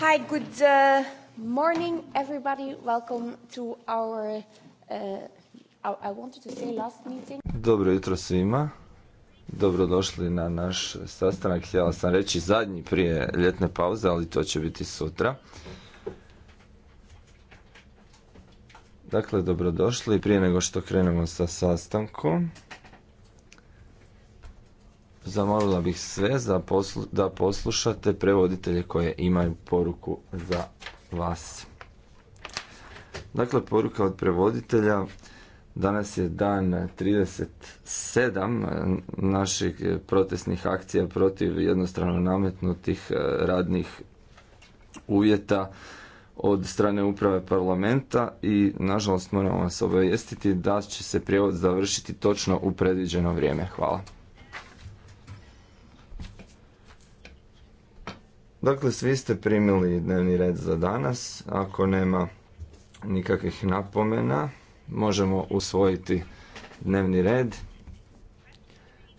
Hi, good uh, morning, everybody. Welcome to our, uh, I wanted to say last meeting. Dobro jutro svima. Dobrodošli na naš sastanak. Htjela sam reći zadnji prije ljetne pauze, ali to će biti sutra. Dakle, dobrodošli. Prije nego što krenemo sa sastankom, Zamolila bih sve da poslušate prevoditelje koje imaju poruku za vas. Dakle, poruka od prevoditelja. Danas je dan 37 e, naših protestnih akcija protiv jednostrano nametnutih e, radnih uvjeta od strane uprave parlamenta i nažalost moramo vas obavijestiti da će se prijevod završiti točno u predviđeno vrijeme. Hvala. Dakle, svi ste primili dnevni red za danas. Ako nema nikakvih napomena, možemo usvojiti dnevni red.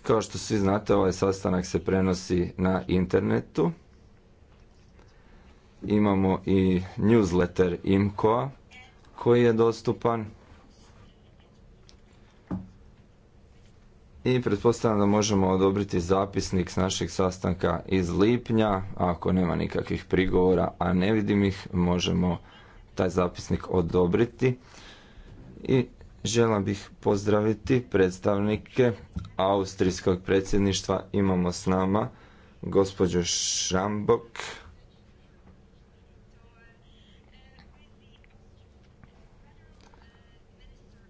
Kao što svi znate, ovaj sastanak se prenosi na internetu. Imamo i newsletter IMCO-a koji je dostupan. I pretpostavljam da možemo odobriti zapisnik s našeg sastanka iz lipnja. Ako nema nikakvih prigovora, a ne vidim ih, možemo taj zapisnik odobriti. I želim bih pozdraviti predstavnike Austrijskog predsjedništva. Imamo s nama gospođu Šrambok,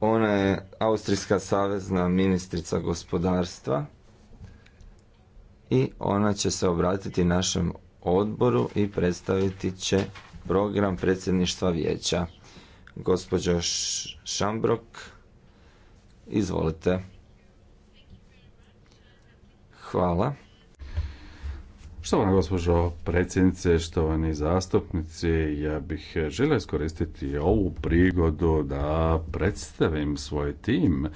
Ona je Austrijska savezna ministrica gospodarstva i ona će se obratiti našem odboru i predstaviti će program predsjedništva vijeća. Gospođo Šambrok, izvolite. Hvala. Štovana gospođo predsjednice, štovani zastupnici, ja bih želio iskoristiti ovu prigodu da predstavim svoj tim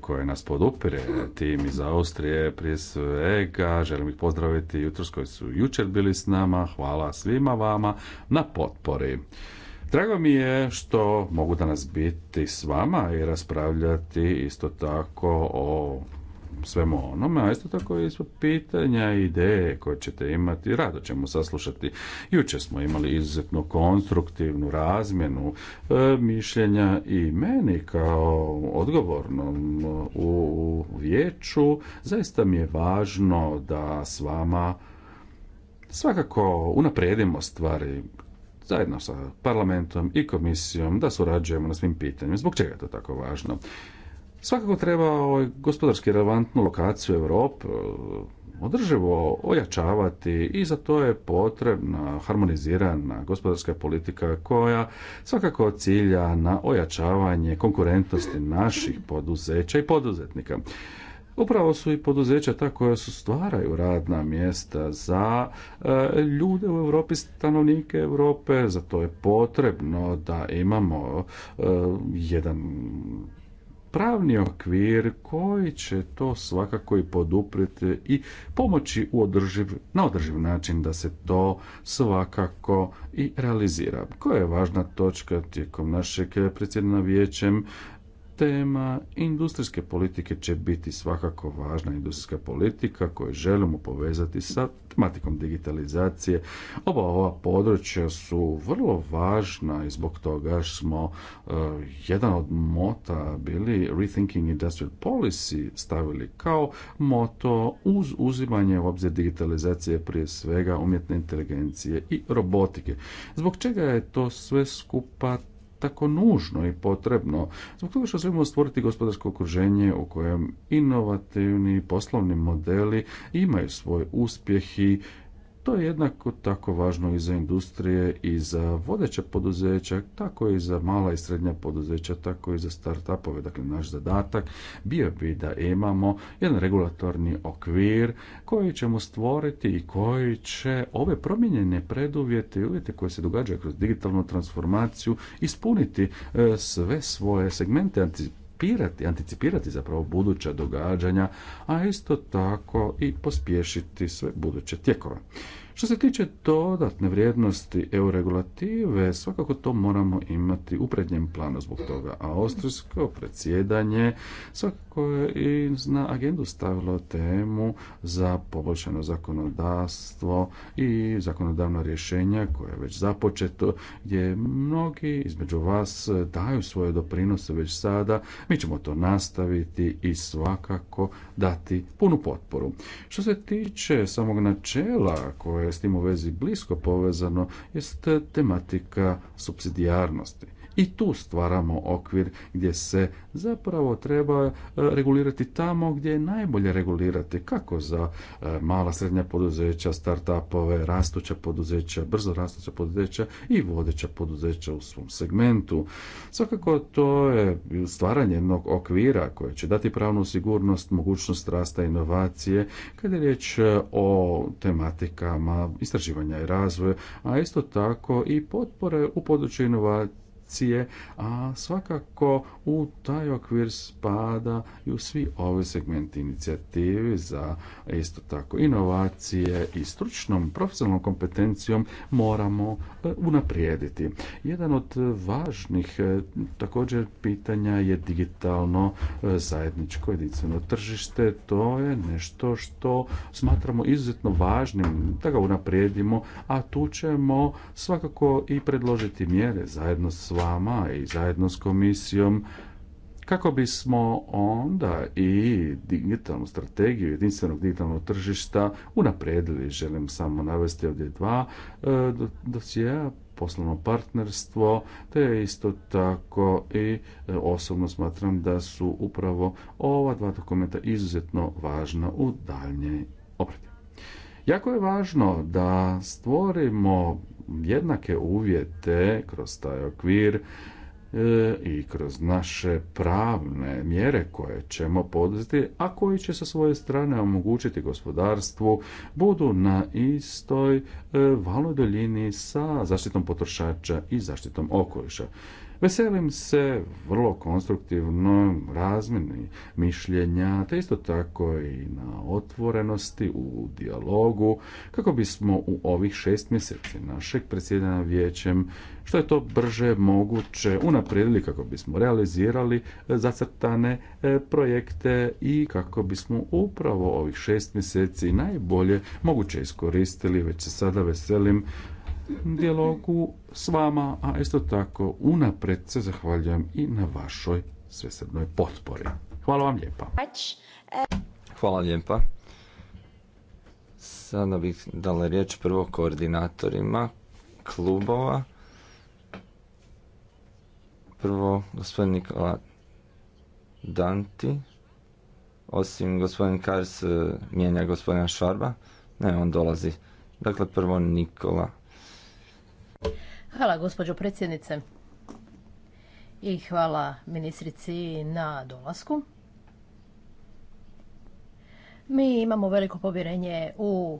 koji nas podupire, tim iz Austrije prije svega. Želim ih pozdraviti jutros koji su jučer bili s nama. Hvala svima vama na potpori. Drago mi je što mogu danas biti s vama i raspravljati isto tako o svemu onome, a isto tako i pitanja i ideje koje ćete imati, rado ćemo saslušati. Juče smo imali izuzetno konstruktivnu razmjenu e, mišljenja i meni kao odgovornom u vijeću, zaista mi je važno da s vama svakako unaprijedimo stvari zajedno sa parlamentom i komisijom da surađujemo na svim pitanjima. Zbog čega je to tako važno? Svakako treba ovaj, gospodarski relevantnu lokaciju Europe eh, održivo ojačavati i za to je potrebna harmonizirana gospodarska politika koja svakako cilja na ojačavanje konkurentnosti naših poduzeća i poduzetnika. Upravo su i poduzeća ta koja su stvaraju radna mjesta za eh, ljude u Europi, stanovnike Europe, za to je potrebno da imamo eh, jedan pravni okvir koji će to svakako i poduprijeti i pomoći u održiv, na održiv način da se to svakako i realizira. Koja je važna točka tijekom našeg predsjedanja vijećem tema industrijske politike će biti svakako važna industrijska politika koju želimo povezati sa tematikom digitalizacije. Ova ova područja su vrlo važna i zbog toga smo e, jedan od mota bili Rethinking Industrial Policy stavili kao moto uz uzimanje u obzir digitalizacije prije svega umjetne inteligencije i robotike. Zbog čega je to sve skupa tako nužno i potrebno zbog toga što želimo stvoriti gospodarsko okruženje u kojem inovativni poslovni modeli imaju svoj uspjeh i to je jednako tako važno i za industrije i za vodeća poduzeća, tako i za mala i srednja poduzeća, tako i za startupove. Dakle, naš zadatak bio bi da imamo jedan regulatorni okvir koji ćemo stvoriti i koji će ove promijenjene preduvjete i uvjete koje se događaju kroz digitalnu transformaciju ispuniti e, sve svoje segmente anticipirati, anticipirati zapravo buduća događanja, a isto tako i pospješiti sve buduće tijekove. Što se tiče dodatne vrijednosti EU regulative, svakako to moramo imati u prednjem planu zbog toga. A austrijsko predsjedanje svakako je i na agendu stavilo temu za poboljšano zakonodavstvo i zakonodavna rješenja koje je već započeto, gdje mnogi između vas daju svoje doprinose već sada. Mi ćemo to nastaviti i svakako dati punu potporu. Što se tiče samog načela koje koje je s tim u vezi blisko povezano, jest tematika subsidijarnosti i tu stvaramo okvir gdje se zapravo treba e, regulirati tamo gdje je najbolje regulirati kako za e, mala srednja poduzeća, startupove, rastuća poduzeća, brzo rastuća poduzeća i vodeća poduzeća u svom segmentu. Svakako to je stvaranje jednog okvira koje će dati pravnu sigurnost, mogućnost rasta inovacije kad je riječ e, o tematikama istraživanja i razvoja, a isto tako i potpore u području inovacije akcije, a svakako u taj okvir spada i u svi ovi segmenti inicijativi za isto tako inovacije i stručnom profesionalnom kompetencijom moramo e, unaprijediti. Jedan od važnih e, također pitanja je digitalno e, zajedničko jedinstveno tržište. To je nešto što smatramo izuzetno važnim da ga unaprijedimo, a tu ćemo svakako i predložiti mjere zajedno s vama i zajedno s komisijom kako bismo onda i digitalnu strategiju jedinstvenog digitalnog tržišta unaprijedili. Želim samo navesti ovdje dva e, dosjeja poslovno partnerstvo, te isto tako i e, osobno smatram da su upravo ova dva dokumenta izuzetno važna u daljnjoj obradi. Jako je važno da stvorimo jednake uvjete kroz taj okvir e, i kroz naše pravne mjere koje ćemo poduzeti, a koji će sa svoje strane omogućiti gospodarstvu, budu na istoj e, valnoj doljini sa zaštitom potrošača i zaštitom okoliša. Veselim se vrlo konstruktivno razmjeni mišljenja, te isto tako i na otvorenosti u dijalogu, kako bismo u ovih šest mjeseci našeg predsjedanja vijećem što je to brže moguće unaprijedili kako bismo realizirali zacrtane e, projekte i kako bismo upravo ovih šest mjeseci najbolje moguće iskoristili. Već se sada veselim dijalogu s vama, a isto tako unapred se zahvaljujem i na vašoj svesrednoj potpori. Hvala vam lijepa. Hvala lijepa. Sada bih dala riječ prvo koordinatorima klubova. Prvo gospodin Nikola Danti. Osim gospodin Kars e, mijenja gospodina Šarba. Ne, on dolazi. Dakle, prvo Nikola Hvala gospođo predsjednice i hvala ministrici na dolasku. Mi imamo veliko povjerenje u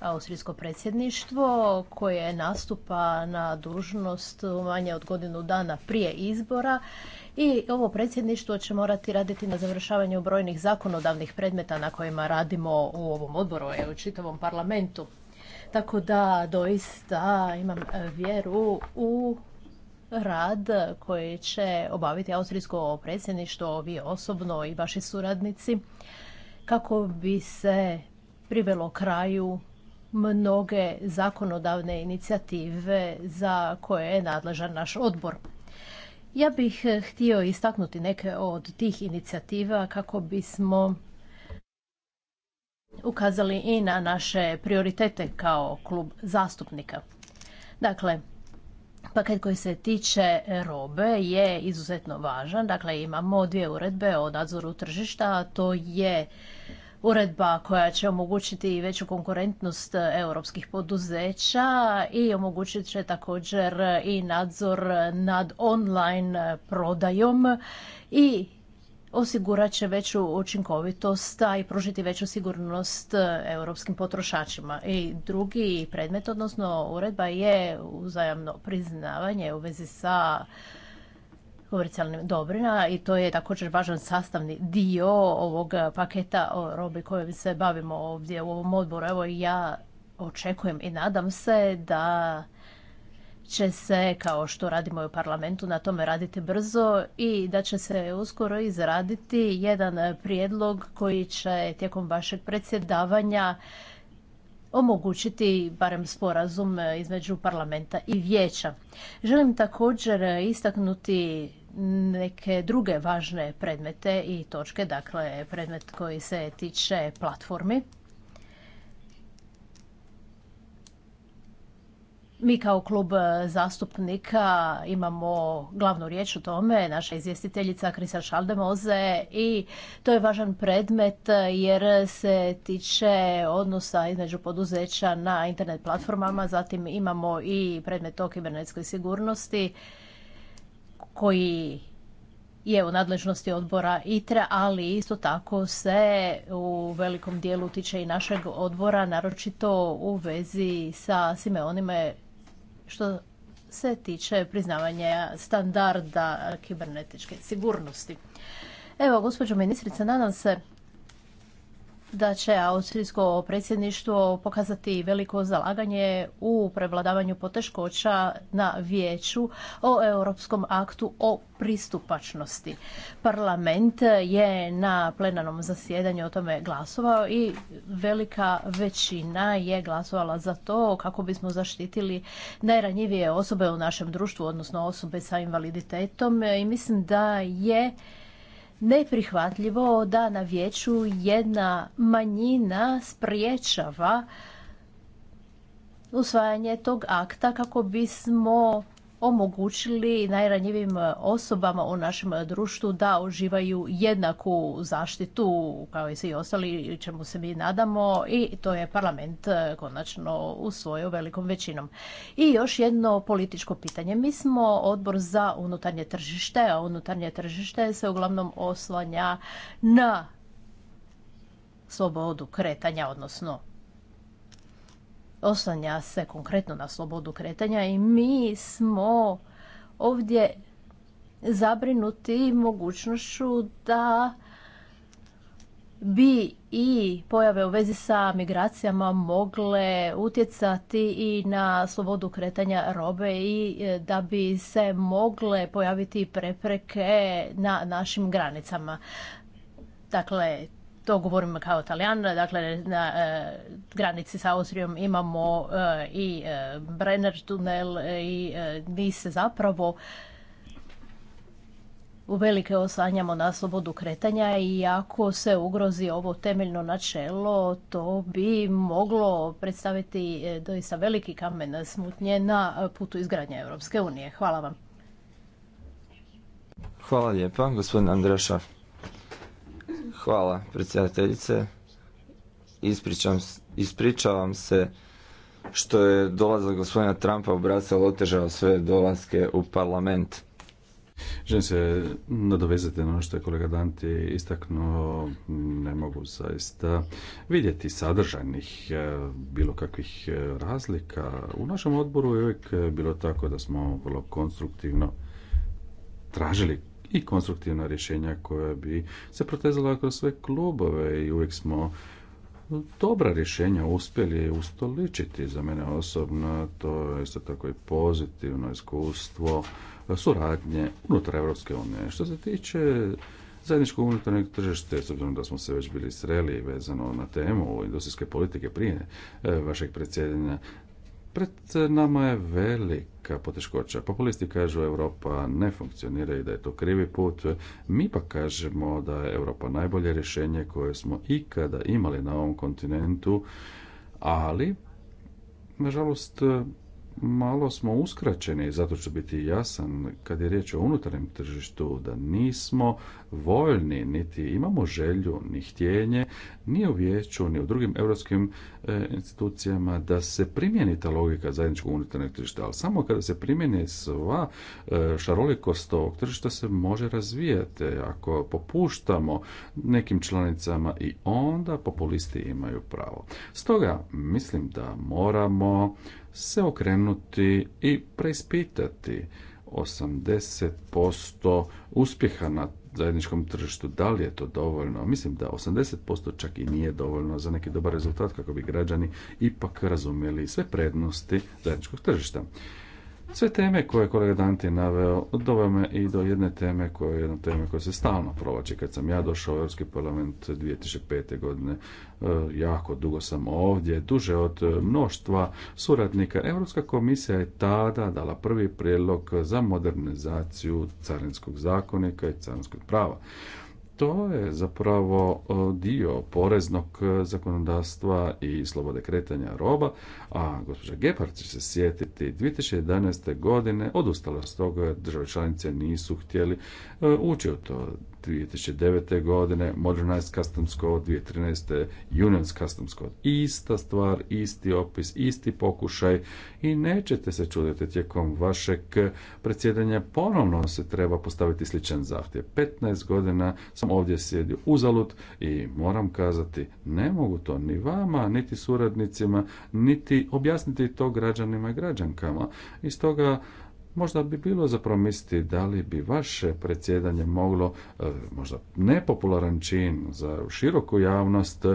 austrijsko predsjedništvo koje nastupa na dužnost manje od godinu dana prije izbora i ovo predsjedništvo će morati raditi na završavanju brojnih zakonodavnih predmeta na kojima radimo u ovom odboru i u čitavom parlamentu. Tako da doista imam e, vjeru u rad koji će obaviti Austrijsko predsjedništvo, vi osobno i vaši suradnici, kako bi se privelo kraju mnoge zakonodavne inicijative za koje je nadležan naš odbor. Ja bih htio istaknuti neke od tih inicijativa kako bismo ukazali i na naše prioritete kao klub zastupnika. Dakle, paket koji se tiče robe je izuzetno važan. Dakle, imamo dvije uredbe o nadzoru tržišta, a to je uredba koja će omogućiti veću konkurentnost europskih poduzeća i omogućit će također i nadzor nad online prodajom i osigurat će veću učinkovitost, i pružiti veću sigurnost e, europskim potrošačima. I drugi predmet, odnosno uredba je uzajamno priznavanje u vezi sa komercijalnim dobrina i to je također važan sastavni dio ovog paketa o robi kojim se bavimo ovdje u ovom odboru. Evo ja očekujem i nadam se da će se, kao što radimo u parlamentu, na tome raditi brzo i da će se uskoro izraditi jedan prijedlog koji će tijekom vašeg predsjedavanja omogućiti barem sporazum između parlamenta i vijeća. Želim također istaknuti neke druge važne predmete i točke, dakle predmet koji se tiče platformi. mi kao klub e, zastupnika imamo glavnu riječ o tome, naša izvjestiteljica Krisa Šaldemoze i to je važan predmet e, jer se tiče odnosa između poduzeća na internet platformama, zatim imamo i predmet o kibernetskoj sigurnosti koji je u nadležnosti odbora ITRE, ali isto tako se u velikom dijelu tiče i našeg odbora, naročito u vezi sa svime onime što se tiče priznavanja standarda kibernetičke sigurnosti. Evo, gospođo ministrice, nadam se da će austrijsko predsjedništvo pokazati veliko zalaganje u prevladavanju poteškoća na vijeću o europskom aktu o pristupačnosti. Parlament je na plenarnom zasjedanju o tome glasovao i velika većina je glasovala za to kako bismo zaštitili najranjivije osobe u našem društvu, odnosno osobe sa invaliditetom i mislim da je neprihvatljivo da na vijeću jedna manjina spriječava usvajanje tog akta kako bismo omogućili najranjivim e, osobama u našem e, društvu da uživaju jednaku zaštitu kao i svi ostali čemu se mi nadamo i to je parlament e, konačno usvojio velikom većinom. I još jedno političko pitanje. Mi smo odbor za unutarnje tržište, a unutarnje tržište se uglavnom oslanja na slobodu kretanja, odnosno oslanja se konkretno na slobodu kretanja i mi smo ovdje zabrinuti mogućnošću da bi i pojave u vezi sa migracijama mogle utjecati i na slobodu kretanja robe i e, da bi se mogle pojaviti prepreke na našim granicama. Dakle, to govorimo kao talijan, dakle na e, granici sa Austrijom imamo e, i e, Brenner tunel i mi se zapravo uvelike osanjamo na slobodu kretanja i ako se ugrozi ovo temeljno načelo, to bi moglo predstaviti doista veliki kamen smutnje na putu izgradnje Europske unije. Hvala vam. Hvala lijepa, gospodin Hvala, predsjedateljice. ispričavam se što je dolazak gospodina Trumpa u otežao sve dolaske u parlament. Želim se nadovezati na ono što je kolega Danti istaknuo, ne mogu zaista vidjeti sadržajnih eh, bilo kakvih eh, razlika. U našem odboru je uvijek eh, bilo tako da smo vrlo konstruktivno tražili i konstruktivna rješenja koja bi se protezala kroz sve klubove i uvijek smo dobra rješenja uspjeli ustoličiti za mene osobno, to je isto tako i pozitivno iskustvo suradnje unutar Europske unije. Što se tiče zajedničkog unutarnjeg tržište, s obzirom da smo se već bili sreli vezano na temu industrijske politike prije e, vašeg predsjedanja, Pred nama je velika poteškoća. Populisti kažu Europa ne funkcionira i da je to krivi put. Mi pa kažemo da je Europa najbolje rješenje koje smo ikada imali na ovom kontinentu, ali nažalost malo smo uskraćeni, zato ću biti jasan kad je riječ o unutarnjem tržištu, da nismo voljni, niti imamo želju, ni htjenje, ni u vijeću, ni u drugim europskim e, institucijama da se primjeni ta logika zajedničkog unutarnjeg tržišta, ali samo kada se primjeni sva e, šarolikost ovog tržišta se može razvijati. Ako popuštamo nekim članicama i onda populisti imaju pravo. Stoga mislim da moramo se okrenuti i preispitati 80% uspjeha na zajedničkom tržištu, da li je to dovoljno? Mislim da 80% čak i nije dovoljno za neki dobar rezultat kako bi građani ipak razumjeli sve prednosti zajedničkog tržišta. Sve teme koje je kolega Danti naveo doveo me i do jedne teme koje je jedna tema koja se stalno provlači. Kad sam ja došao u Europski parlament 2005. godine, e, jako dugo sam ovdje, duže od mnoštva suradnika. Europska komisija je tada dala prvi prijedlog za modernizaciju carinskog zakonika i carinskog prava. To je zapravo e, dio poreznog e, zakonodavstva i slobode kretanja roba, a gospođa Gepard će se sjetiti 2011. godine odustala s toga, države članice nisu htjeli e, ući u to. 2009. godine, Modernized Customs Code, 2013. Unions Customs Code. Ista stvar, isti opis, isti pokušaj i nećete se čuditi tijekom vašeg predsjedanja ponovno se treba postaviti sličan zahtjev. 15 godina sam ovdje sjedio uzalud i moram kazati, ne mogu to ni vama, niti suradnicima, niti objasniti to građanima i građankama. I stoga možda bi bilo za da li bi vaše predsjedanje moglo, e, možda nepopularan čin za široku javnost,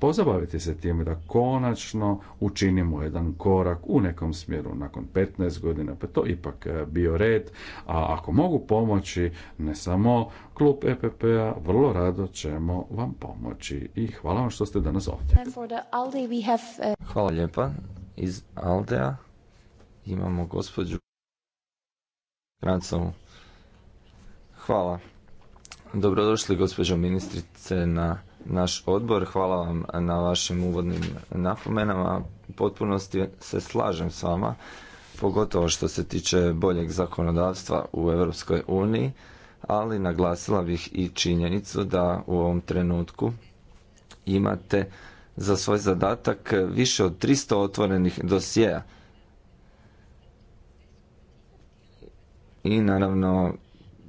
Pozabavite se time da konačno učinimo jedan korak u nekom smjeru nakon 15 godina, pa to ipak e, bio red, a ako mogu pomoći ne samo klub EPP-a, vrlo rado ćemo vam pomoći i hvala vam što ste danas ovdje. E, hvala lijepa. Iz Aldea imamo gospođu Krancovu. Hvala. Dobrodošli gospođo ministrice na naš odbor. Hvala vam na vašim uvodnim napomenama. U potpunosti se slažem s vama, pogotovo što se tiče boljeg zakonodavstva u Europskoj uniji, ali naglasila bih i činjenicu da u ovom trenutku imate za svoj zadatak više od 300 otvorenih dosjeja. I naravno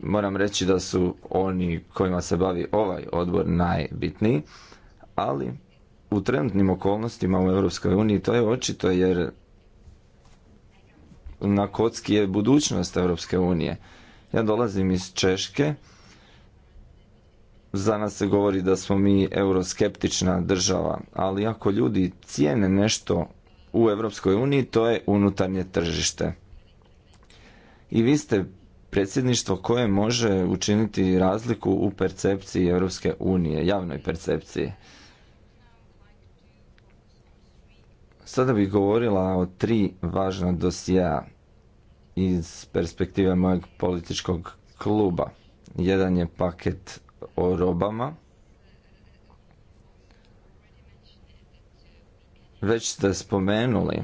moram reći da su oni kojima se bavi ovaj odbor najbitniji, ali u trenutnim okolnostima u Europskoj uniji to je očito jer na kocki je budućnost Europske unije. Ja dolazim iz Češke, za nas se govori da smo mi euroskeptična država, ali ako ljudi cijene nešto u Europskoj uniji, to je unutarnje tržište. I vi ste predsjedništvo koje može učiniti razliku u percepciji Europske unije, javnoj percepciji. Sada bih govorila o tri važna dosija iz perspektive mojeg političkog kluba. Jedan je paket o robama. Već ste spomenuli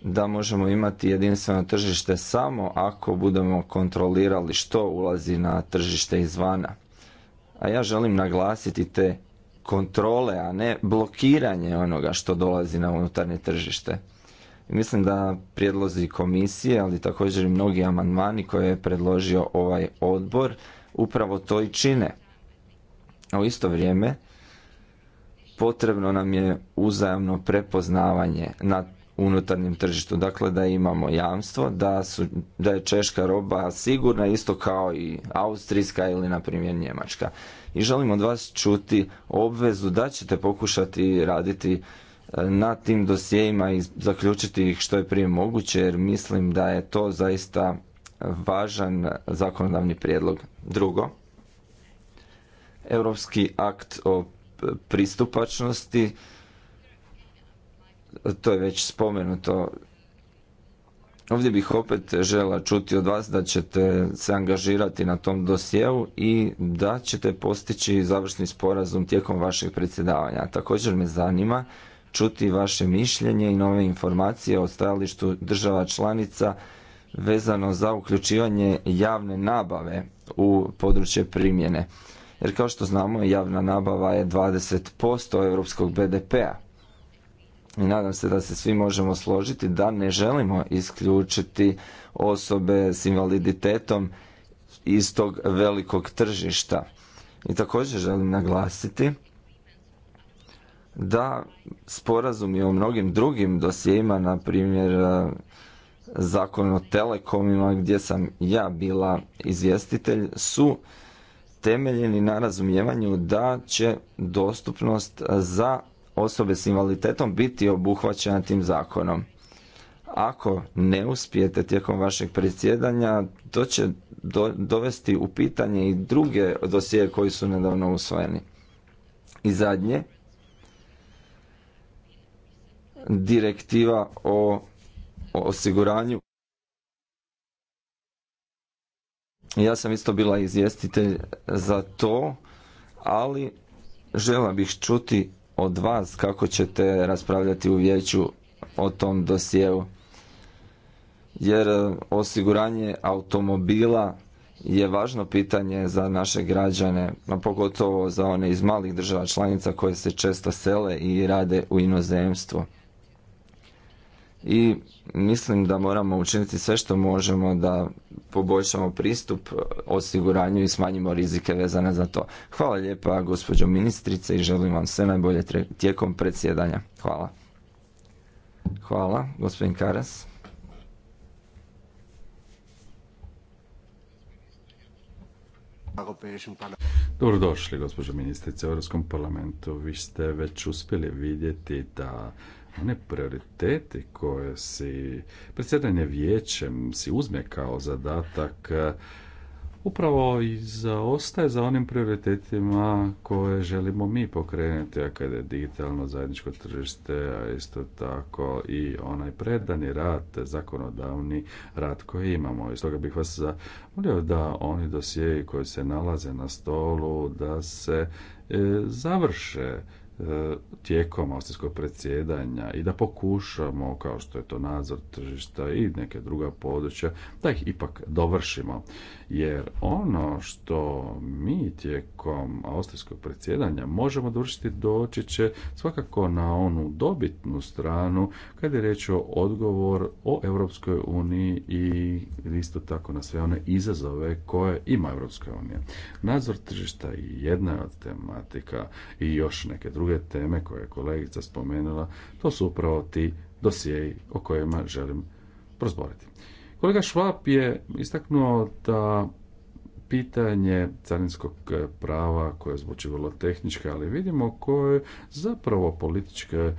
da možemo imati jedinstveno tržište samo ako budemo kontrolirali što ulazi na tržište izvana. A ja želim naglasiti te kontrole, a ne blokiranje onoga što dolazi na unutarnje tržište. Mislim da prijedlozi komisije, ali također i mnogi amandmani koje je predložio ovaj odbor, upravo to i čine. A u isto vrijeme potrebno nam je uzajamno prepoznavanje na unutarnjem tržištu. Dakle, da imamo jamstvo da, su, da je češka roba sigurna, isto kao i austrijska ili, na primjer, njemačka. I želim od vas čuti obvezu da ćete pokušati raditi e, na tim dosijejima i zaključiti ih što je prije moguće, jer mislim da je to zaista važan zakonodavni prijedlog. Drugo, Europski akt o pristupačnosti to je već spomenuto. Ovdje bih opet žela čuti od vas da ćete se angažirati na tom dosjeu i da ćete postići završni sporazum tijekom vašeg predsjedavanja. Također me zanima čuti vaše mišljenje i nove informacije o stajalištu država članica vezano za uključivanje javne nabave u područje primjene. Jer kao što znamo, javna nabava je 20% europskog BDP-a i nadam se da se svi možemo složiti da ne želimo isključiti osobe s invaliditetom iz tog velikog tržišta. I također želim naglasiti da sporazumi o mnogim drugim dosjejima, na primjer e, zakon o telekomima gdje sam ja bila izvjestitelj, su temeljeni na razumijevanju da će dostupnost za osobe s invaliditetom biti obuhvaćena tim zakonom. Ako ne uspijete tijekom vašeg predsjedanja, to će dovesti u pitanje i druge dosije koji su nedavno usvojeni. I zadnje, direktiva o, o osiguranju. Ja sam isto bila izvjestitelj za to, ali žela bih čuti od vas kako ćete raspravljati u vijeću o tom dosijevu? Jer e, osiguranje automobila je važno pitanje za naše građane, a pogotovo za one iz malih država članica koje se često sele i rade u inozemstvu i mislim da moramo učiniti sve što možemo da poboljšamo pristup osiguranju i smanjimo rizike vezane za to. Hvala lijepa gospođo ministrice i želim vam sve najbolje tijekom predsjedanja. Hvala. Hvala, gospodin Karas. Dobrodošli, gospođo ministrice, u Europskom parlamentu. Vi ste već uspjeli vidjeti da one prioriteti koje si predsjedanje vijećem si uzme kao zadatak e, upravo i zaostaje za onim prioritetima koje želimo mi pokrenuti, a kada je digitalno zajedničko tržište, a isto tako i onaj predani rad, zakonodavni rad koji imamo. I stoga bih vas zamolio da oni dosjeji koji se nalaze na stolu, da se e, završe tijekom austrijskog predsjedanja i da pokušamo, kao što je to nadzor tržišta i neke druga područja, da ih ipak dovršimo. Jer ono što mi tijekom austrijskog predsjedanja možemo dovršiti doći će svakako na onu dobitnu stranu kad je reč o odgovor o Europskoj uniji i isto tako na sve one izazove koje ima Europska unija. Nadzor tržišta je jedna od tematika i još neke druge druge teme koje je kolegica spomenula, to su upravo ti dosjei o kojima želim prozboriti. Kolega Švap je istaknuo da pitanje carinskog prava koje zvuči vrlo tehnička, ali vidimo koje zapravo političke e,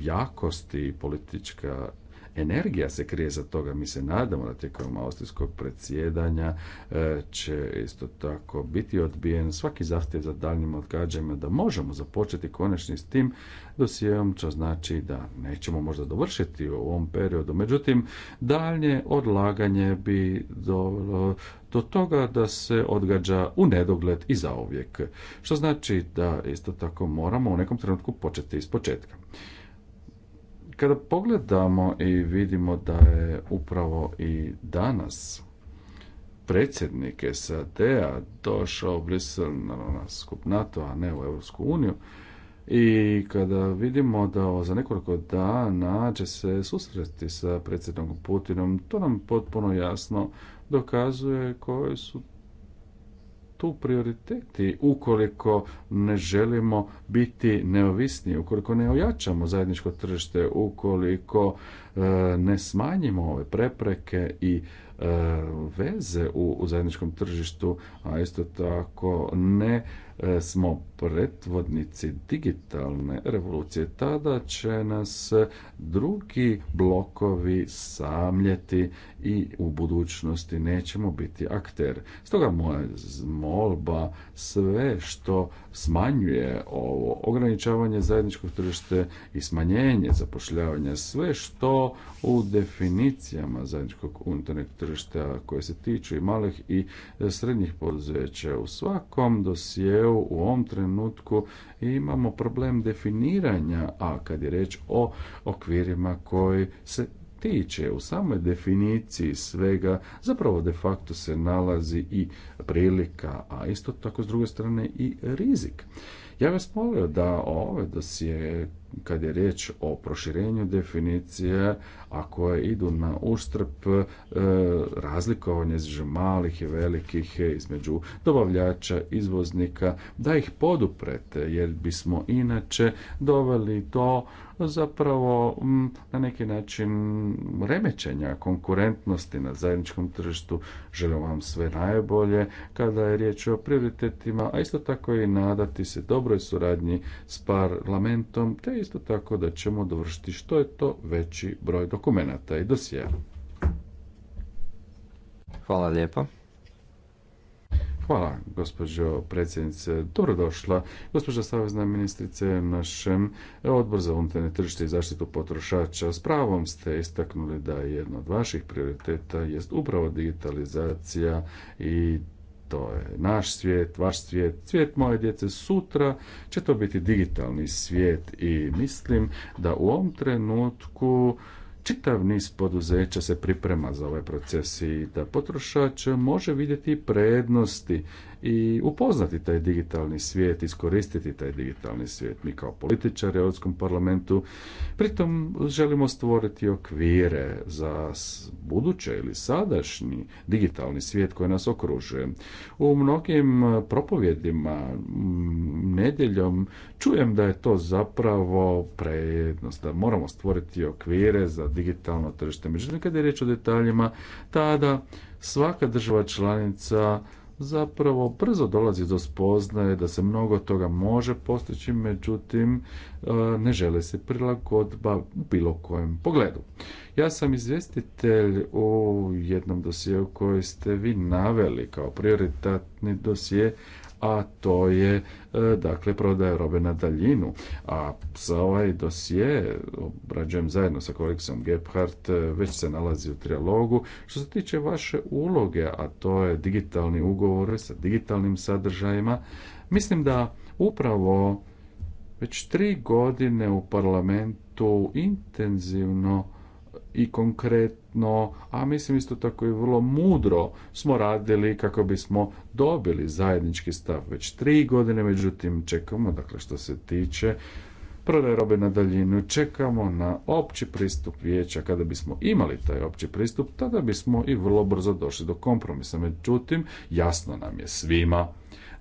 jakosti, politička energija se krije za toga. Mi se nadamo da tijekom austrijskog predsjedanja e, će isto tako biti odbijen svaki zahtjev za daljnjim odgađajima da možemo započeti konačni s tim dosijevom, što znači da nećemo možda dovršiti u ovom periodu. Međutim, daljnje odlaganje bi dovelo do toga da se odgađa u nedogled i zauvijek. Što znači da isto tako moramo u nekom trenutku početi iz početka. Kada pogledamo i vidimo da je upravo i danas predsjednik SAD-a došao u Brisel na skup NATO, a ne u Europsku uniju, i kada vidimo da za nekoliko dana će se susreti sa predsjednikom Putinom, to nam potpuno jasno dokazuje koje su tu prioriteti ukoliko ne želimo biti neovisni, ukoliko ne ojačamo zajedničko tržište, ukoliko e, ne smanjimo ove prepreke i e, veze u, u zajedničkom tržištu, a isto tako ne E, smo pretvodnici digitalne revolucije, tada će nas drugi blokovi samljeti i u budućnosti nećemo biti akter. Stoga moja molba sve što smanjuje ovo ograničavanje zajedničkog tržišta i smanjenje zapošljavanja, sve što u definicijama zajedničkog unutarnjeg tržišta koje se tiču i malih i srednjih poduzeća u svakom dosjeu u ovom trenutku imamo problem definiranja, a kad je reč o okvirima koji se tiče u samoj definiciji svega, zapravo de facto se nalazi i prilika, a isto tako s druge strane i rizik. Ja vas molio da ove ovaj dosije, kad je riječ o proširenju definicije, a koje idu na uštrb e, razlikovanje između malih i velikih, e, između dobavljača, izvoznika, da ih poduprete, jer bismo inače doveli do zapravo na neki način remećenja konkurentnosti na zajedničkom tržištu. Želim vam sve najbolje kada je riječ o prioritetima, a isto tako i nadati se dobroj suradnji s parlamentom, te isto tako da ćemo dovršiti što je to veći broj dokumenata i dosija. Hvala lijepo. Hvala, gospođo predsjednice. Dobrodošla, gospođa savezna ministrice, našem odboru za unutarnje tržište i zaštitu potrošača. S pravom ste istaknuli da jedno od vaših prioriteta jest upravo digitalizacija i to je naš svijet, vaš svijet, svijet moje djece. Sutra će to biti digitalni svijet i mislim da u ovom trenutku čitav niz poduzeća se priprema za ovaj proces i da potrošač može vidjeti prednosti i upoznati taj digitalni svijet, iskoristiti taj digitalni svijet. Mi kao političari u Europskom parlamentu pritom želimo stvoriti okvire za buduće ili sadašnji digitalni svijet koji nas okružuje. U mnogim e, propovjedima nedjeljom čujem da je to zapravo prejednost, da moramo stvoriti okvire za digitalno tržište. Međutim, kada je riječ o detaljima, tada svaka država članica zapravo brzo dolazi do spoznaje da se mnogo toga može postići, međutim e, ne žele se prilagodba u bilo kojem pogledu. Ja sam izvjestitelj u jednom dosijeu koji ste vi naveli kao prioritetni dosije, a to je e, dakle prodaje robe na daljinu. A za ovaj dosije, obrađujem zajedno sa kolegicom Gebhardt, e, već se nalazi u trialogu. Što se tiče vaše uloge, a to je digitalni ugovor sa digitalnim sadržajima, mislim da upravo već tri godine u parlamentu intenzivno i konkretno, a mislim isto tako i vrlo mudro smo radili kako bismo dobili zajednički stav već tri godine, međutim čekamo, dakle što se tiče prve robe na daljinu, čekamo na opći pristup vijeća. Kada bismo imali taj opći pristup, tada bismo i vrlo brzo došli do kompromisa. Međutim, jasno nam je svima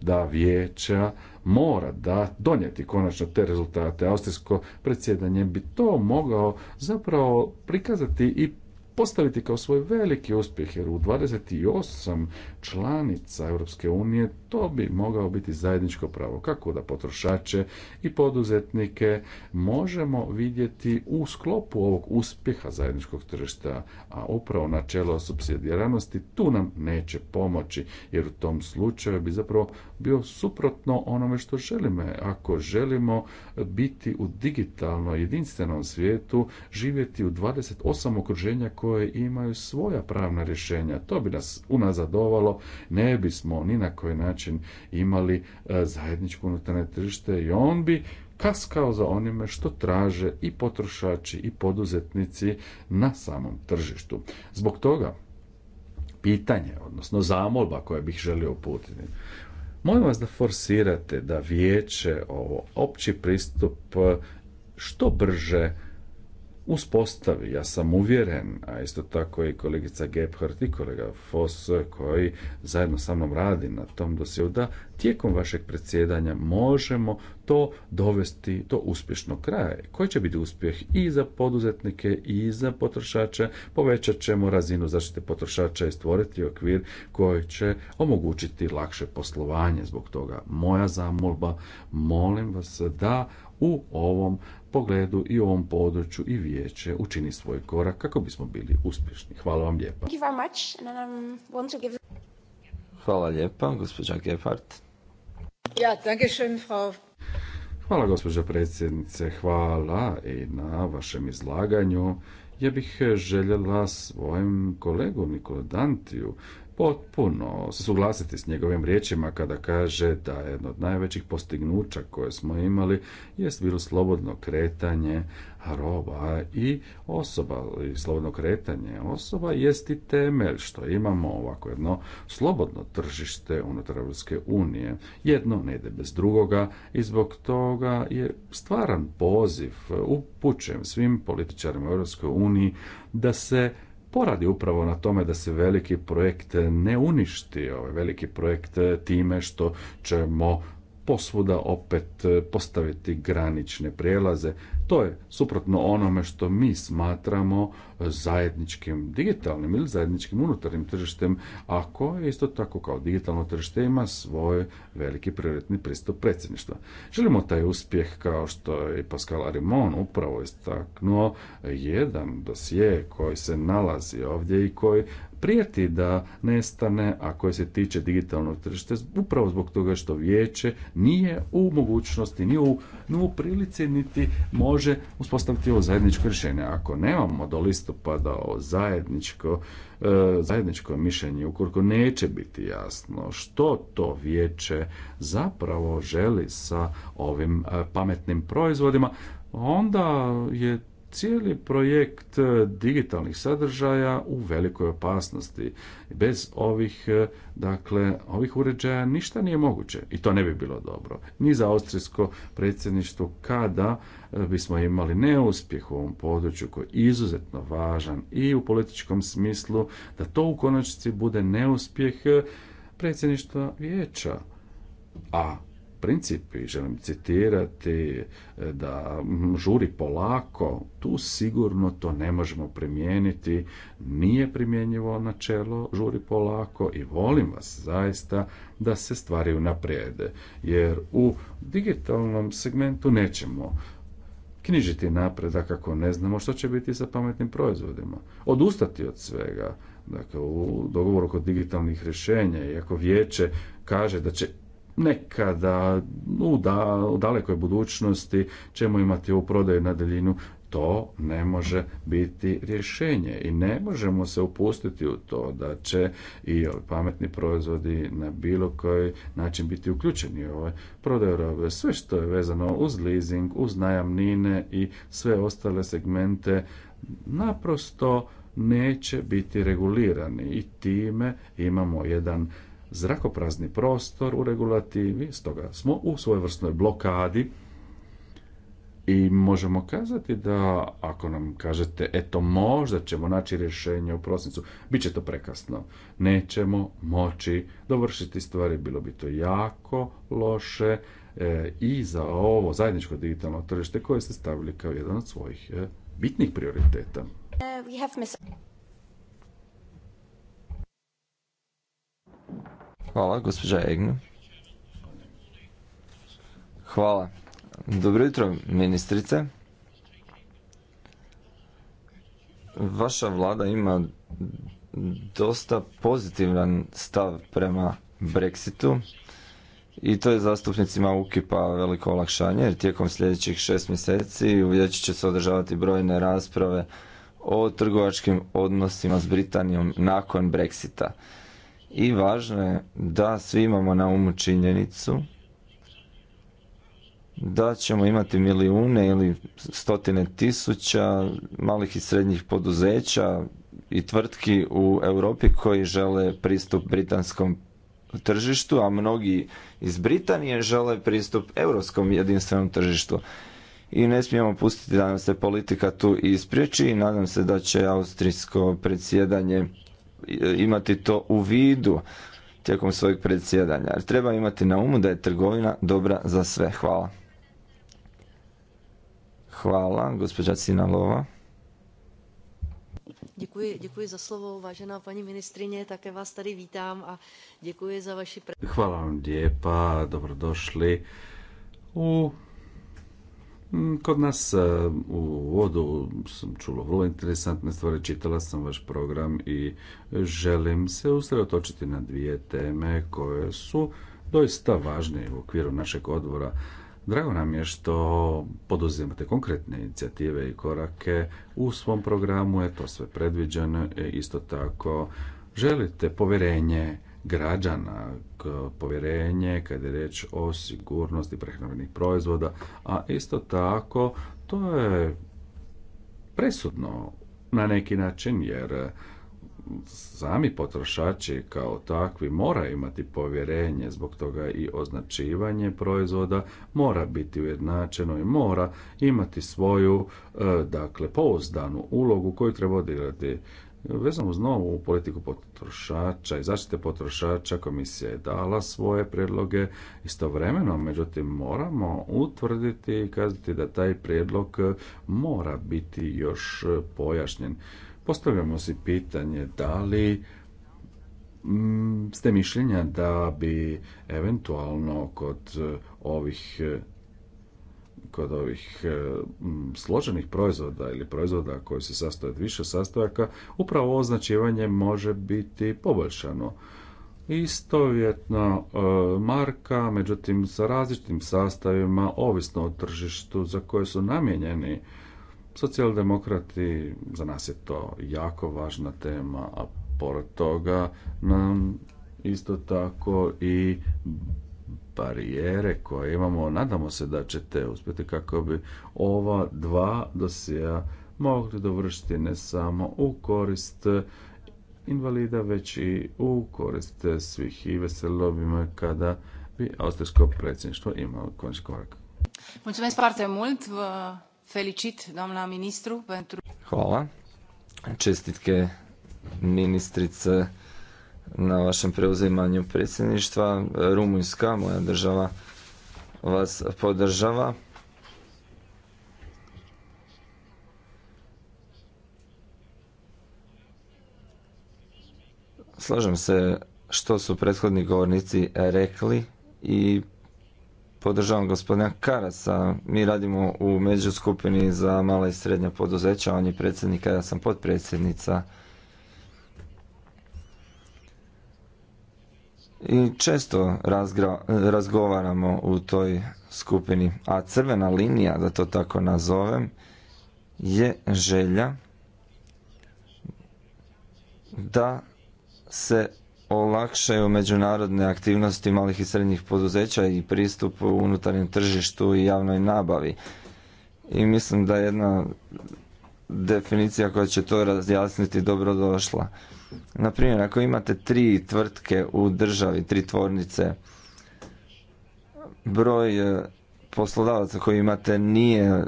da vijeća mora da donijeti konačno te rezultate. Austrijsko predsjedanje bi to mogao zapravo prikazati i postaviti kao svoj veliki uspjeh, jer u 28 članica Europske unije to bi mogao biti zajedničko pravo, kako da potrošače i poduzetnike možemo vidjeti u sklopu ovog uspjeha zajedničkog tržišta, a upravo načelo subsidijaranosti tu nam neće pomoći, jer u tom slučaju bi zapravo bio suprotno onome što želimo. Ako želimo biti u digitalno jedinstvenom svijetu, živjeti u 28 okruženja koje koje imaju svoja pravna rješenja. To bi nas unazadovalo, ne bismo ni na koji način imali e, zajedničko unutarnje tržište i on bi kaskao za onime što traže i potrošači i poduzetnici na samom tržištu. Zbog toga pitanje, odnosno zamolba koja bih želio uputiti, molim vas da forsirate da vijeće ovo opći pristup e, što brže uspostavi. Ja sam uvjeren, a isto tako i kolegica Gebhardt i kolega Foss koji zajedno sa mnom radi na tom dosjeu da tijekom vašeg predsjedanja možemo to dovesti do uspješnog kraja. Koji će biti uspjeh i za poduzetnike i za potrošače? Povećat ćemo razinu zaštite potrošača i stvoriti okvir koji će omogućiti lakše poslovanje. Zbog toga moja zamolba, molim vas da u ovom pogledu i u ovom području i vijeće učini svoj korak kako bismo bili uspješni. Hvala vam lijepa. Um, hvala lijepa, gospođa Ja, danke schön, Frau Hvala gospođa predsjednice, hvala i na vašem izlaganju. Ja bih željela svojem kolegu Dantiju potpuno se suglasiti s njegovim riječima kada kaže da jedno od najvećih postignuća koje smo imali jest bilo slobodno kretanje roba i osoba i slobodno kretanje osoba jest i temelj što imamo ovako jedno slobodno tržište unutar Europske unije. Jedno ne ide bez drugoga i zbog toga je stvaran poziv upućujem svim političarima Europskoj uniji da se poradi upravo na tome da se veliki projekt ne uništi, ovaj veliki projekt eh, time što ćemo posvuda opet eh, postaviti granične prijelaze, to je suprotno onome što mi smatramo zajedničkim digitalnim ili zajedničkim unutarnjim tržištem, ako koje isto tako kao digitalno tržište ima svoj veliki prioritni pristup predsjedništva. Želimo taj uspjeh kao što je Pascal Arimon upravo istaknuo jedan dosije koji se nalazi ovdje i koji prijeti da nestane, a koje se tiče digitalnog tržišta, upravo zbog toga što vijeće nije u mogućnosti, nije u, ni u prilici, niti može uspostaviti ovo zajedničko rješenje. Ako nemamo do listopada o zajedničko e, zajedničko mišljenje, ukoliko neće biti jasno što to vijeće zapravo želi sa ovim e, pametnim proizvodima, onda je cijeli projekt e, digitalnih sadržaja u velikoj opasnosti. Bez ovih, e, dakle, ovih uređaja ništa nije moguće i to ne bi bilo dobro. Ni za austrijsko predsjedništvo kada e, bismo imali neuspjeh u ovom području koji je izuzetno važan i u političkom smislu, da to u konačnici bude neuspjeh predsjedništva vijeća. A princip i želim citirati e, da žuri polako, tu sigurno to ne možemo primijeniti, nije primjenjivo načelo žuri polako i volim vas zaista da se stvari unaprijede, jer u digitalnom segmentu nećemo knjižiti napredak ako ne znamo što će biti sa pametnim proizvodima, odustati od svega, dakle u dogovoru kod digitalnih rješenja i ako vijeće kaže da će nekada u, da, u dalekoj budućnosti ćemo imati ovu prodaju na daljinu to ne može biti rješenje i ne možemo se upustiti u to da će i pametni proizvodi na bilo koji način biti uključeni u ovaj prodaju robe. Sve što je vezano uz leasing, uz najamnine i sve ostale segmente naprosto neće biti regulirani i time imamo jedan zrakoprazni prostor u regulativi, stoga smo u svojevrsnoj blokadi i možemo kazati da ako nam kažete eto možda ćemo naći rješenje u prosincu, bit će to prekasno. Nećemo moći dovršiti stvari, bilo bi to jako loše e, i za ovo zajedničko digitalno tržište koje ste stavili kao jedan od svojih e, bitnih prioriteta. Uh, Hvala, gospođa Egnu. Hvala. Dobro jutro, ministrice. Vaša vlada ima dosta pozitivan stav prema Brexitu i to je zastupnicima Ukipa veliko olakšanje jer tijekom sljedećih šest mjeseci u će se održavati brojne rasprave o trgovačkim odnosima s Britanijom nakon Brexita i važno je da svi imamo na umu činjenicu da ćemo imati milijune ili stotine tisuća malih i srednjih poduzeća i tvrtki u Europi koji žele pristup britanskom tržištu, a mnogi iz Britanije žele pristup europskom jedinstvenom tržištu. I ne smijemo pustiti da nam se politika tu ispriječi i nadam se da će austrijsko predsjedanje imati to u vidu tijekom svojeg predsjedanja. Jer treba imati na umu da je trgovina dobra za sve. Hvala. Hvala, gospođa Sinalova. Děkuji, děkuji za slovo, vážená paní ministrině, také vás tady vítám a děkuji za vaši... Hvala vám, dobro dobrodošli u Mm, kod nas e, u uvodu sam čula vrlo interesantne stvari, čitala sam vaš program i želim se usredotočiti na dvije teme koje su doista važne u okviru našeg odbora. Drago nam je što poduzimate konkretne inicijative i korake u svom programu, je to sve predviđeno, e, isto tako želite povjerenje građana, povjerenje kad je riječ o sigurnosti prehrambenih proizvoda, a isto tako to je presudno na neki način jer sami potrošači kao takvi mora imati povjerenje, zbog toga i označivanje proizvoda mora biti ujednačeno i mora imati svoju e, dakle pouzdanu ulogu koju treba odigrati Vezano uz novu politiku potrošača i zaštite potrošača komisija je dala svoje predloge istovremeno, međutim moramo utvrditi i kazati da taj prijedlog mora biti još pojašnjen. Postavljamo si pitanje da li mm, ste mišljenja da bi eventualno kod ovih kod ovih e, složenih proizvoda ili proizvoda koji se sastoje od više sastojaka, upravo označivanje može biti poboljšano istovjetna e, marka, međutim sa različitim sastavima, ovisno o tržištu za koje su namijenjeni. Socijaldemokrati, za nas je to jako važna tema, a pored toga nam isto tako i barijere koje imamo. Nadamo se da ćete uspjeti kako bi ova dva dosija mogli dovršiti ne samo u korist invalida, već i u korist svih i me kada bi austrijsko predsjedništvo imalo konč korak. mult, ministru, pentru... Hvala. Čestitke ministrice na vašem preuzimanju predsjedništva. Rumunjska, moja država, vas podržava. Slažem se što su prethodni govornici rekli i podržavam gospodina Karasa. Mi radimo u međuskupini za mala i srednja poduzeća, on je predsjednik, ja sam potpredsjednica. i često razgovaramo u toj skupini. A crvena linija, da to tako nazovem, je želja da se olakšaju međunarodne aktivnosti malih i srednjih poduzeća i pristup u unutarnjem tržištu i javnoj nabavi. I mislim da je jedna definicija koja će to razjasniti dobro došla. Na primjer, ako imate tri tvrtke u državi, tri tvornice, broj e, poslodavaca koji imate nije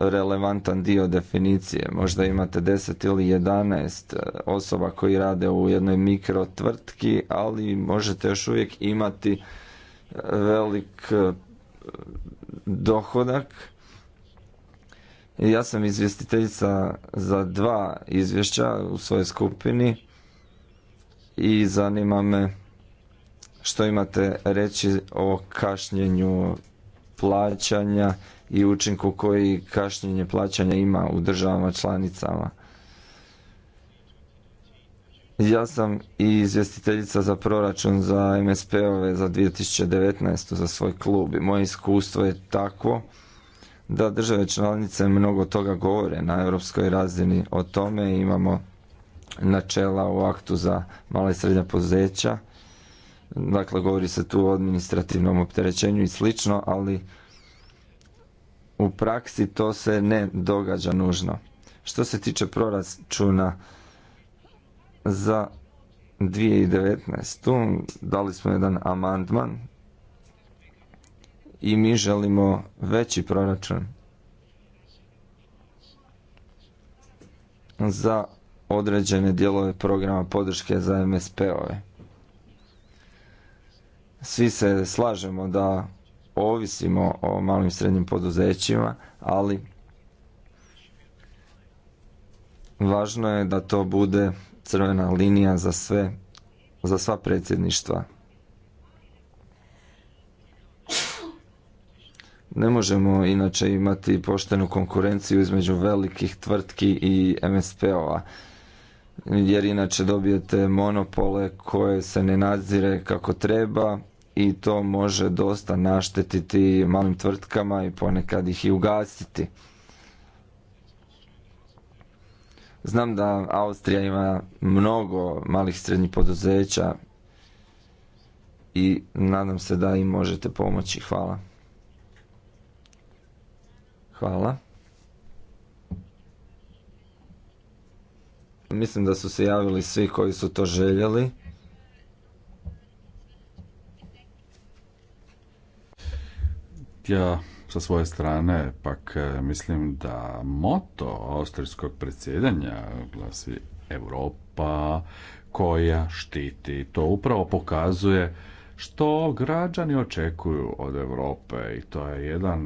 relevantan dio definicije. Možda imate 10 ili 11 e, osoba koji rade u jednoj mikro tvrtki, ali možete još uvijek imati e, velik dohodak ja sam izvjestiteljica za dva izvješća u svojoj skupini i zanima me što imate reći o kašnjenju plaćanja i učinku koji kašnjenje plaćanja ima u državama članicama. Ja sam i izvjestiteljica za proračun za MSP-ove za 2019. za svoj klub i moje iskustvo je takvo da države članice mnogo toga govore na europskoj razini o tome. Imamo načela u aktu za mala i srednja poduzeća. Dakle, govori se tu o administrativnom opterećenju i slično, ali u praksi to se ne događa nužno. Što se tiče proračuna za 2019. dali smo jedan amandman i mi želimo veći proračun za određene dijelove programa podrške za MSP-ove. Svi se slažemo da ovisimo o malim i srednjim poduzećima, ali važno je da to bude crvena linija za sve, za sva predsjedništva. Ne možemo inače imati poštenu konkurenciju između velikih tvrtki i MSP-ova jer inače dobijete monopole koje se ne nadzire kako treba i to može dosta naštetiti malim tvrtkama i ponekad ih i ugasiti. Znam da Austrija ima mnogo malih srednjih poduzeća i nadam se da im možete pomoći. Hvala. Hvala. Mislim da su se javili svi koji su to željeli. Ja sa svoje strane pak e, mislim da moto austrijskog predsjedanja glasi Europa koja štiti. To upravo pokazuje što građani očekuju od Europe i to je jedan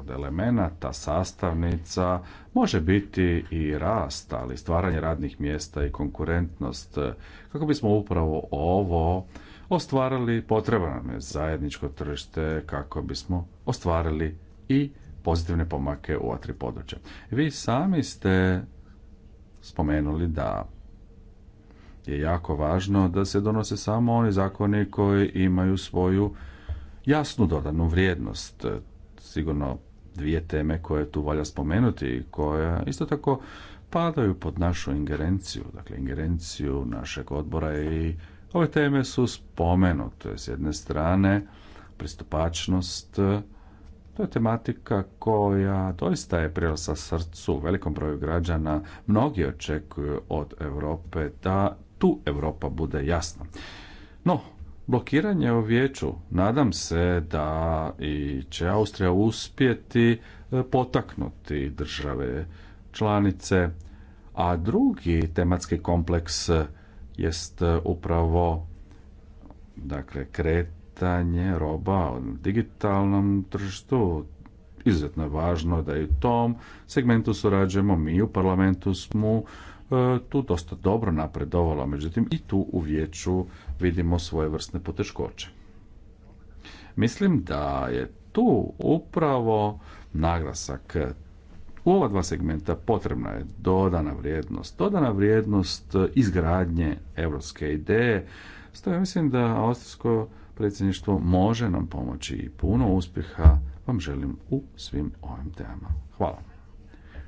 od elemenata, sastavnica, može biti i rast, ali stvaranje radnih mjesta i konkurentnost, kako bismo upravo ovo ostvarili, potrebno nam je zajedničko tržište kako bismo ostvarili i pozitivne pomake u ova tri područja. Vi sami ste spomenuli da je jako važno da se donose samo oni zakoni koji imaju svoju jasnu dodanu vrijednost. Sigurno dvije teme koje tu valja spomenuti i koja isto tako padaju pod našu ingerenciju, dakle ingerenciju našeg odbora i ove teme su spomenute. S jedne strane, pristupačnost, to je tematika koja doista je sa srcu velikom broju građana. Mnogi očekuju od Europe da tu Europa bude jasna. No, blokiranje u vijeću. Nadam se da i će Austrija uspjeti e, potaknuti države članice, a drugi tematski kompleks jest e, upravo dakle kretanje roba u digitalnom tržištu. Izuzetno je važno da i u tom segmentu surađujemo. Mi u parlamentu smo E, tu dosta dobro napredovalo. međutim i tu u vijeću vidimo svoje vrstne poteškoće. Mislim da je tu upravo naglasak u ova dva segmenta potrebna je dodana vrijednost, dodana vrijednost izgradnje europske ideje. Stoga mislim da austrijsko predsjedništvo može nam pomoći i puno uspjeha vam želim u svim ovim temama. Hvala.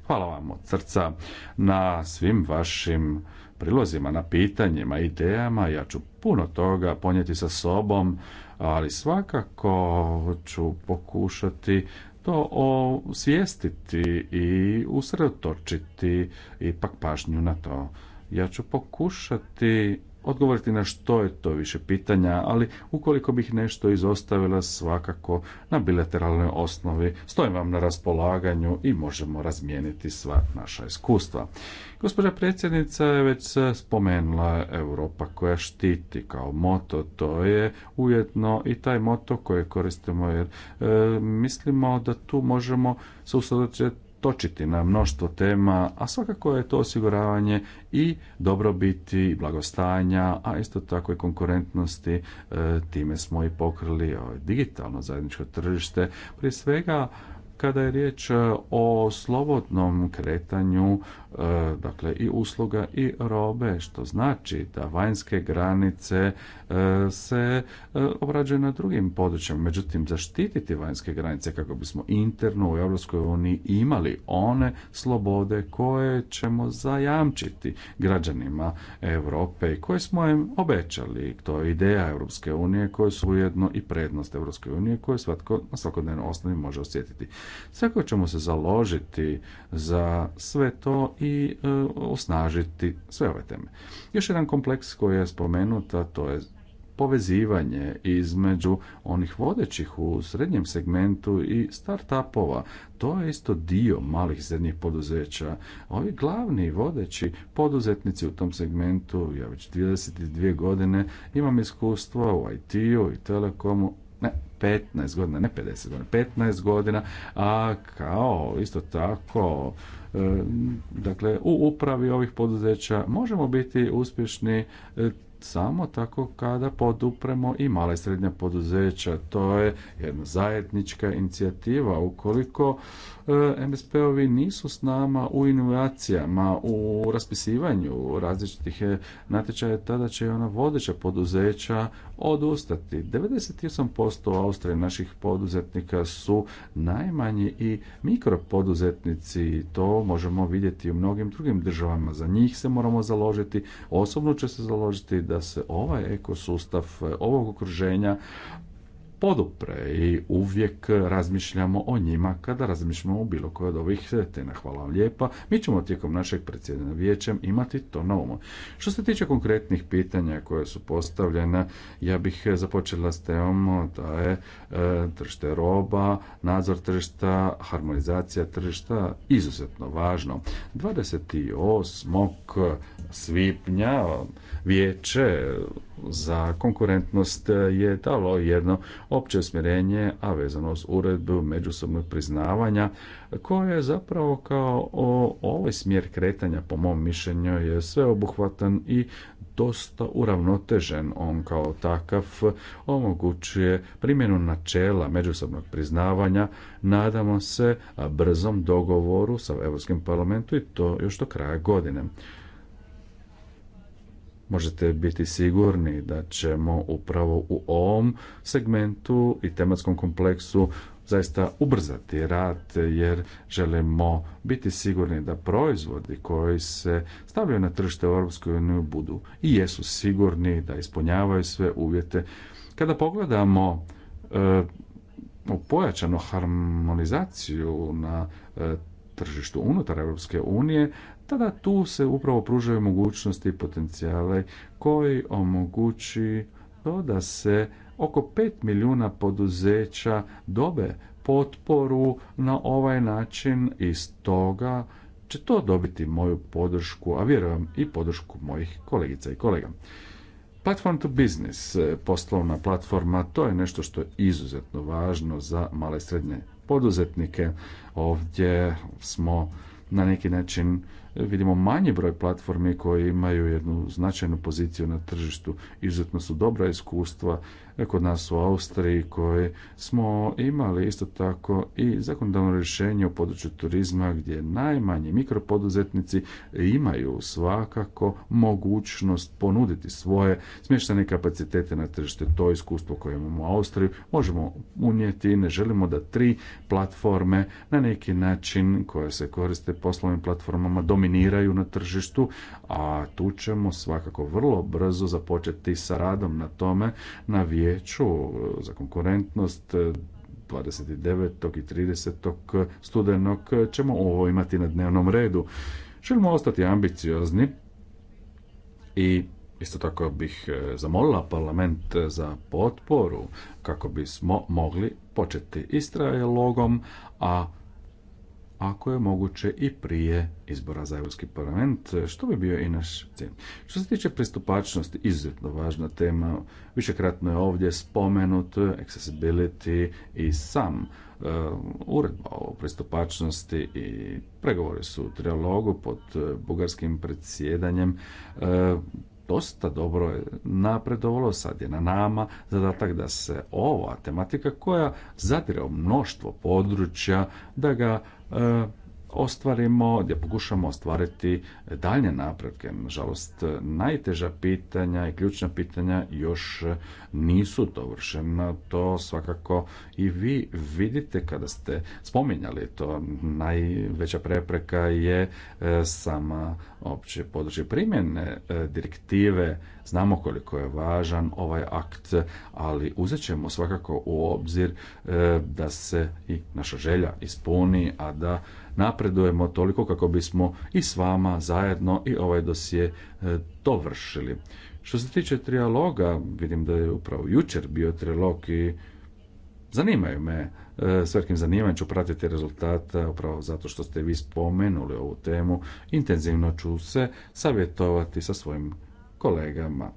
Hvala vam od srca na svim vašim prilozima, na pitanjima, idejama. Ja ću puno toga ponijeti sa sobom, ali svakako ću pokušati to osvijestiti i usredotočiti ipak pažnju na to. Ja ću pokušati odgovoriti na što je to više pitanja, ali ukoliko bih nešto izostavila svakako na bilateralnoj osnovi stojim vam na raspolaganju i možemo razmijeniti sva naša iskustva. Gospođa predsjednica je već spomenula Europa koja štiti kao moto, to je ujedno i taj moto koje koristimo jer e, mislimo da tu možemo se točiti na mnoštvo tema, a svakako je to osiguravanje i dobrobiti, blagostanja, a isto tako i konkurentnosti. E, time smo i pokrili e, digitalno zajedničko tržište. Prije svega, kada je riječ e, o slobodnom kretanju E, dakle i usluga i robe, što znači da vanjske granice e, se e, obrađuju na drugim područjima. Međutim, zaštititi vanjske granice kako bismo interno u EU imali one slobode koje ćemo zajamčiti građanima Europe i koje smo im obećali. To je ideja Europske unije koje su ujedno i prednost Europske unije koje svatko na svakodnevnoj osnovi može osjetiti. Svako ćemo se založiti za sve to i e, osnažiti sve ove teme. Još jedan kompleks koji je spomenuta, to je povezivanje između onih vodećih u srednjem segmentu i startupova. To je isto dio malih srednjih poduzeća. Ovi glavni vodeći poduzetnici u tom segmentu, ja već 32 godine imam iskustvo u IT-u i telekomu, ne, 15 godina, ne 50 godina, 15 godina, a kao isto tako e, dakle u upravi ovih poduzeća možemo biti uspješni e, samo tako kada podupremo i mala i srednja poduzeća. To je jedna zajednička inicijativa. Ukoliko MSP-ovi nisu s nama u inovacijama, u raspisivanju različitih e, natječaja, tada će ona vodeća poduzeća odustati. 98% u Austriji naših poduzetnika su najmanji i mikropoduzetnici. To možemo vidjeti u mnogim drugim državama. Za njih se moramo založiti. Osobno će se založiti da se ovaj ekosustav e, ovog okruženja podupre i uvijek razmišljamo o njima kada razmišljamo o bilo kojoj od ovih tema Hvala vam lijepa. Mi ćemo tijekom našeg predsjedanja vijećem imati to na umu. Što se tiče konkretnih pitanja koje su postavljena, ja bih započela s temom da je e, tržište roba, nadzor tržišta, harmonizacija tržišta izuzetno važno. 28. svipnja vijeće za konkurentnost e, je dalo jedno opće smjerenje, a vezano s uredbu međusobnog priznavanja, koje je zapravo kao o, ovaj smjer kretanja, po mom mišljenju, je sveobuhvatan i dosta uravnotežen. On kao takav omogućuje primjenu načela međusobnog priznavanja, nadamo se brzom dogovoru sa Europskim parlamentu i to još do kraja godine možete biti sigurni da ćemo upravo u ovom segmentu i tematskom kompleksu zaista ubrzati rad jer želimo biti sigurni da proizvodi koji se stavljaju na tržište u EU budu i jesu sigurni da ispunjavaju sve uvjete. Kada pogledamo e, pojačanu harmonizaciju na e, tržištu unutar Europske unije, tada tu se upravo pružaju mogućnosti i potencijale koji omogući to da se oko 5 milijuna poduzeća dobe potporu na ovaj način i stoga će to dobiti moju podršku, a vjerujem i podršku mojih kolegica i kolega. Platform to business, poslovna platforma, to je nešto što je izuzetno važno za male i srednje poduzetnike. Ovdje smo na neki način e, vidimo manji broj platformi koji imaju jednu značajnu poziciju na tržištu. Izuzetno su dobra iskustva E, kod nas u Austriji koji smo imali isto tako i zakonodavno rješenje u području turizma gdje najmanji mikropoduzetnici imaju svakako mogućnost ponuditi svoje smještane kapacitete na tržište. To iskustvo koje imamo u Austriji možemo unijeti i ne želimo da tri platforme na neki način koje se koriste poslovnim platformama dominiraju na tržištu, a tu ćemo svakako vrlo brzo započeti sa radom na tome na vijeku vijeću e, za konkurentnost 29. E, i 30. studenog ćemo ovo imati na dnevnom redu. Želimo ostati ambiciozni i Isto tako bih e, zamolila parlament za potporu kako bismo mogli početi istraje a ako je moguće i prije izbora za Europski parlament, što bi bio i naš cilj. Što se tiče pristupačnosti, izuzetno važna tema, višekratno je ovdje spomenut accessibility i sam eh, uredba o pristupačnosti i pregovori su u trialogu pod eh, bugarskim predsjedanjem. Eh, dosta dobro je napredovalo, sad je na nama zadatak da se ova tematika koja zadire u mnoštvo područja, da ga e ostvarimo, gdje pokušamo ostvariti dalje napretke. Nažalost, najteža pitanja i ključna pitanja još nisu dovršena. To svakako i vi vidite kada ste spominjali to. Najveća prepreka je e, sama opće područje primjene e, direktive. Znamo koliko je važan ovaj akt, ali uzet ćemo svakako u obzir e, da se i naša želja ispuni, a da napredujemo toliko kako bismo i s vama zajedno i ovaj dosje dovršili. E, što se tiče trijaloga, vidim da je upravo jučer bio trijalog i zanimaju me e, s zanimanjem ću pratiti rezultate upravo zato što ste vi spomenuli ovu temu. Intenzivno ću se savjetovati sa svojim kolegama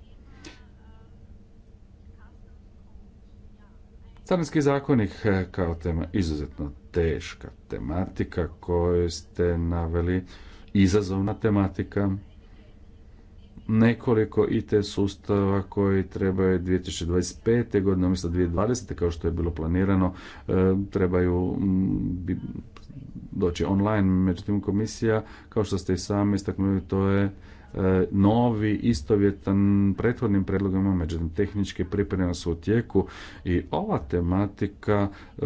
zakon zakonik e, kao tema izuzetno teška tematika koju ste naveli, izazovna tematika, nekoliko IT sustava koji trebaju 2025. godine, umjesto 2020. kao što je bilo planirano, e, trebaju doći online. Međutim, komisija, kao što ste i sami istaknuli, to je E, novi, istovjetan prethodnim predlogama, međutim tehničke pripreme su u tijeku i ova tematika e,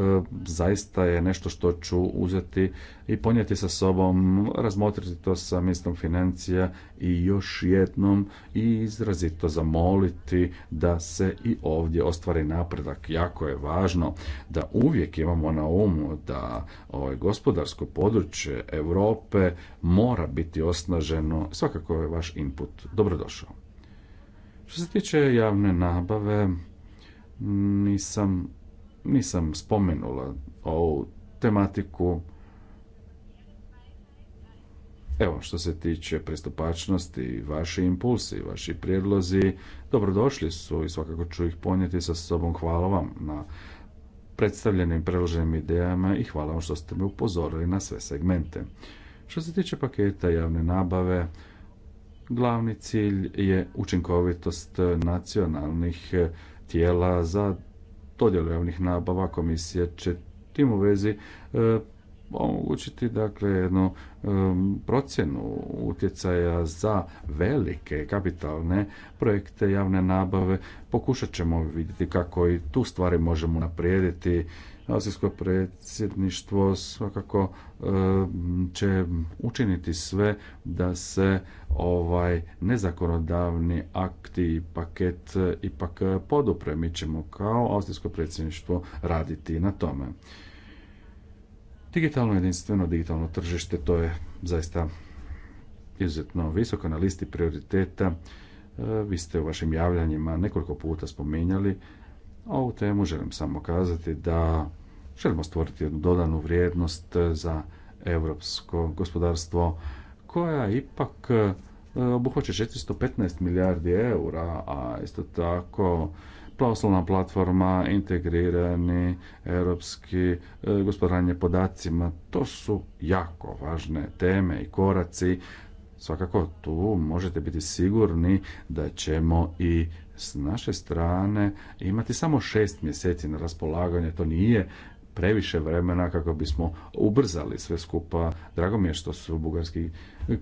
zaista je nešto što ću uzeti i ponijeti sa sobom, razmotriti to sa ministrom financija i još jednom i izrazito zamoliti da se i ovdje ostvari napredak. Jako je važno da uvijek imamo na umu da ovaj gospodarsko područje Europe mora biti osnaženo. Svakako je vaš input dobrodošao. Što se tiče javne nabave, nisam, nisam spomenula ovu tematiku Evo, što se tiče pristupačnosti, vaši impulsi, vaši prijedlozi, dobrodošli su i svakako ću ih ponijeti sa sobom. Hvala vam na predstavljenim preloženim idejama i hvala vam što ste me upozorili na sve segmente. Što se tiče paketa javne nabave, glavni cilj je učinkovitost nacionalnih tijela za dodjelu javnih nabava. Komisija će tim u vezi e, omogućiti dakle jednu procjenu utjecaja za velike kapitalne projekte javne nabave. Pokušat ćemo vidjeti kako i tu stvari možemo naprijediti. Austrijsko predsjedništvo svakako će učiniti sve da se ovaj nezakonodavni akti i paket ipak podupre. Mi ćemo kao Austrijsko predsjedništvo raditi na tome. Digitalno jedinstveno, digitalno tržište, to je zaista izuzetno visoko na listi prioriteta. E, vi ste u vašim javljanjima nekoliko puta spominjali ovu temu. Želim samo kazati da želimo stvoriti jednu dodanu vrijednost za europsko gospodarstvo koja ipak e, obuhvaća 415 milijardi eura, a isto tako poslovna platforma, integrirani europski e, gospodaranje podacima. To su jako važne teme i koraci. Svakako tu možete biti sigurni da ćemo i s naše strane imati samo šest mjeseci na raspolaganje. To nije previše vremena kako bismo ubrzali sve skupa. Drago mi je što su bugarski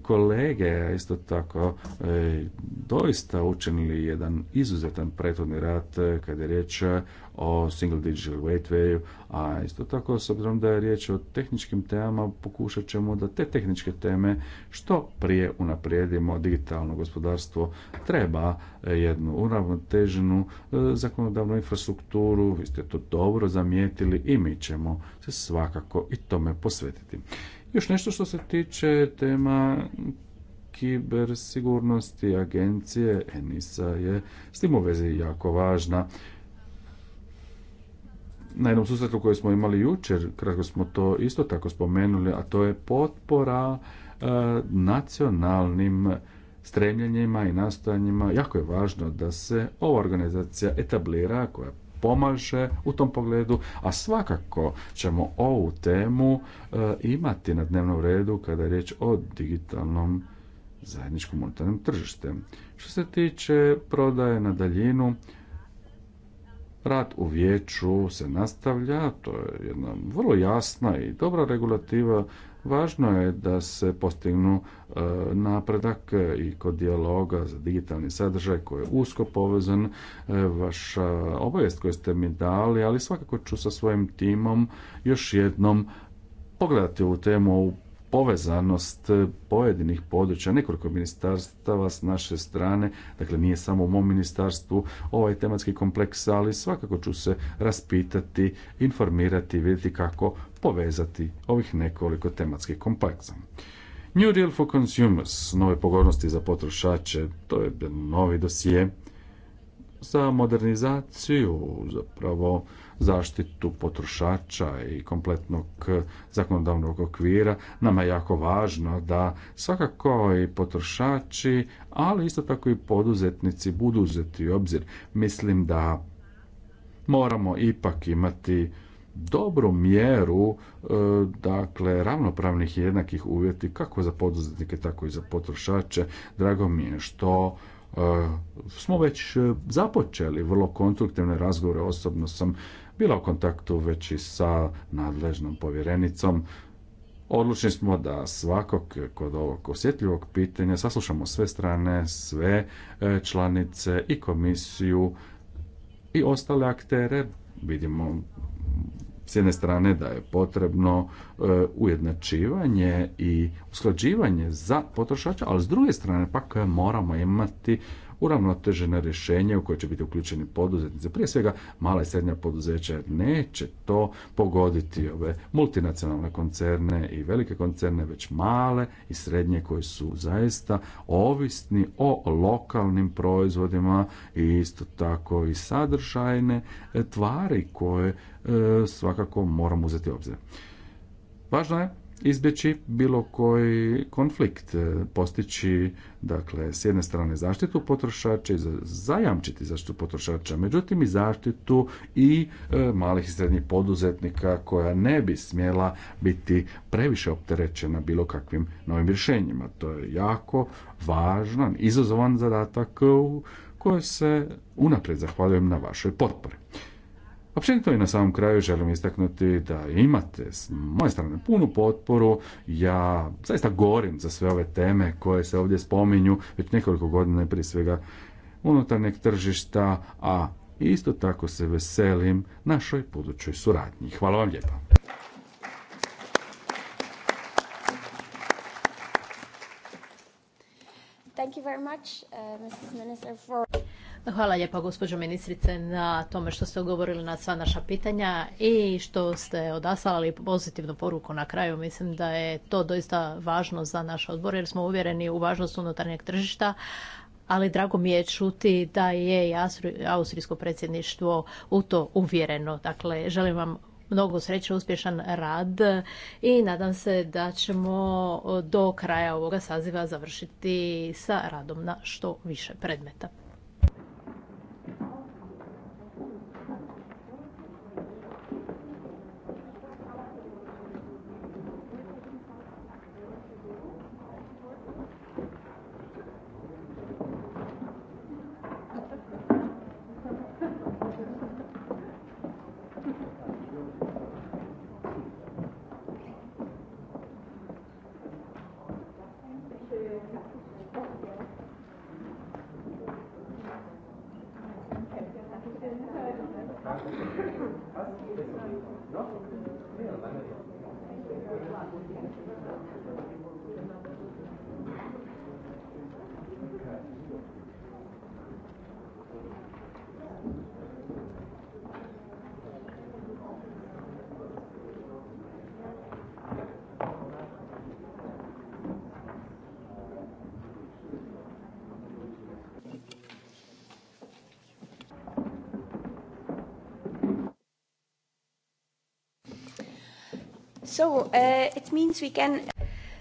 kolege, isto tako e, doista učinili jedan izuzetan prethodni rad e, kada je riječ e, o single digital gatewayu, a isto tako s obzirom da je riječ o tehničkim temama pokušat ćemo da te tehničke teme što prije unaprijedimo digitalno gospodarstvo treba jednu uravnoteženu zakonodavnu infrastrukturu, vi ste to dobro zamijetili i mi ćemo se svakako i tome posvetiti. Još nešto što se tiče tema kibersigurnosti agencije ENISA je s tim u vezi jako važna. Na jednom susretu koji smo imali jučer, kratko smo to isto tako spomenuli, a to je potpora e, nacionalnim stremljenjima i nastojanjima. Jako je važno da se ova organizacija etablira koja pomaže u tom pogledu, a svakako ćemo ovu temu e, imati na dnevnom redu kada je riječ o digitalnom zajedničkom unutarnjem tržištem. Što se tiče prodaje na daljinu, rad u vijeću se nastavlja, to je jedna vrlo jasna i dobra regulativa Važno je da se postignu e, napredak i kod dijaloga za digitalni sadržaj koji je usko povezan. E, vaša obavijest koju ste mi dali, ali svakako ću sa svojim timom još jednom pogledati u temu, povezanost e, pojedinih područja, nekoliko ministarstava s naše strane, dakle nije samo u mom ministarstvu ovaj tematski kompleks, ali svakako ću se raspitati, informirati, vidjeti kako povezati ovih nekoliko tematskih kompleksa. New Deal for Consumers, nove pogodnosti za potrošače, to je novi dosije za modernizaciju, zapravo zaštitu potrošača i kompletnog zakonodavnog okvira. Nama je jako važno da svakako i potrošači, ali isto tako i poduzetnici budu uzeti u obzir. Mislim da moramo ipak imati dobru mjeru e, dakle ravnopravnih i jednakih uvjeti kako za poduzetnike tako i za potrošače. Drago mi je što e, smo već započeli vrlo konstruktivne razgovore. Osobno sam bila u kontaktu već i sa nadležnom povjerenicom Odlučni smo da svakog kod ovog osjetljivog pitanja saslušamo sve strane, sve e, članice i komisiju i ostale aktere. Vidimo s jedne strane da je potrebno e, ujednačivanje i usklađivanje za potrošača, ali s druge strane pak moramo imati na rješenje u koje će biti uključeni poduzetnici. Prije svega mala i srednja poduzeća neće to pogoditi ove multinacionalne koncerne i velike koncerne, već male i srednje koji su zaista ovisni o lokalnim proizvodima i isto tako i sadržajne tvari koje e, svakako moramo uzeti u obzir. Važno je izbjeći bilo koji konflikt, e, postići dakle s jedne strane zaštitu potrošača i zajamčiti zaštitu potrošača, međutim i zaštitu i e, malih i srednjih poduzetnika koja ne bi smjela biti previše opterećena bilo kakvim novim rješenjima. To je jako važan, izazovan zadatak koji se unaprijed zahvaljujem na vašoj potpori. Općenito i na samom kraju želim istaknuti da imate s moje strane punu potporu. Ja zaista gorim za sve ove teme koje se ovdje spominju već nekoliko godina prije svega unutarnjeg tržišta, a isto tako se veselim našoj budućoj suradnji. Hvala vam lijepa. Uh, Hvala lijepa gospođo ministrice na tome što ste odgovorili na sva naša pitanja i što ste odaslali pozitivnu poruku na kraju. Mislim da je to doista važno za naš odbor jer smo uvjereni u važnost unutarnjeg tržišta, ali drago mi je čuti da je i austrijsko predsjedništvo u to uvjereno. Dakle, želim vam mnogo sreće, uspješan rad i nadam se da ćemo do kraja ovoga saziva završiti sa radom na što više predmeta. Uh,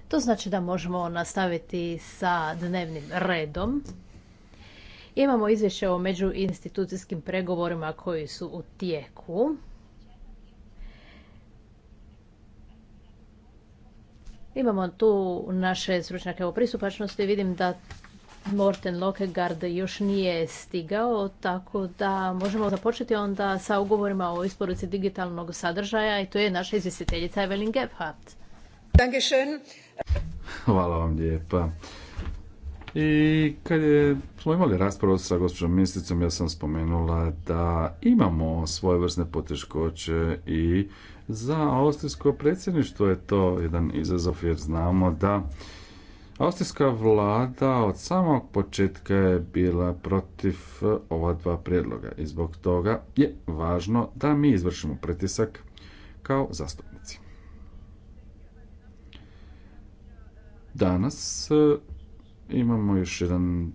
to znači da možemo nastaviti sa dnevnim redom. Imamo izvješće o međuinstitucijskim pregovorima koji su u tijeku. Imamo tu naše stručnjake o pristupačnosti. Vidim da Morten Lokegaard još nije stigao, tako da možemo započeti onda sa ugovorima o isporuci digitalnog sadržaja i to je naša izvjestiteljica Evelyn Gebhardt. Hvala vam lijepa. I kad je, smo imali raspravu sa gospođom ministricom, ja sam spomenula da imamo svoje vrsne poteškoće i za austrijsko predsjedništvo je to jedan izazov jer znamo da Austrijska vlada od samog početka je bila protiv e, ova dva prijedloga i zbog toga je važno da mi izvršimo pritisak kao zastupnici. Danas e, imamo još jedan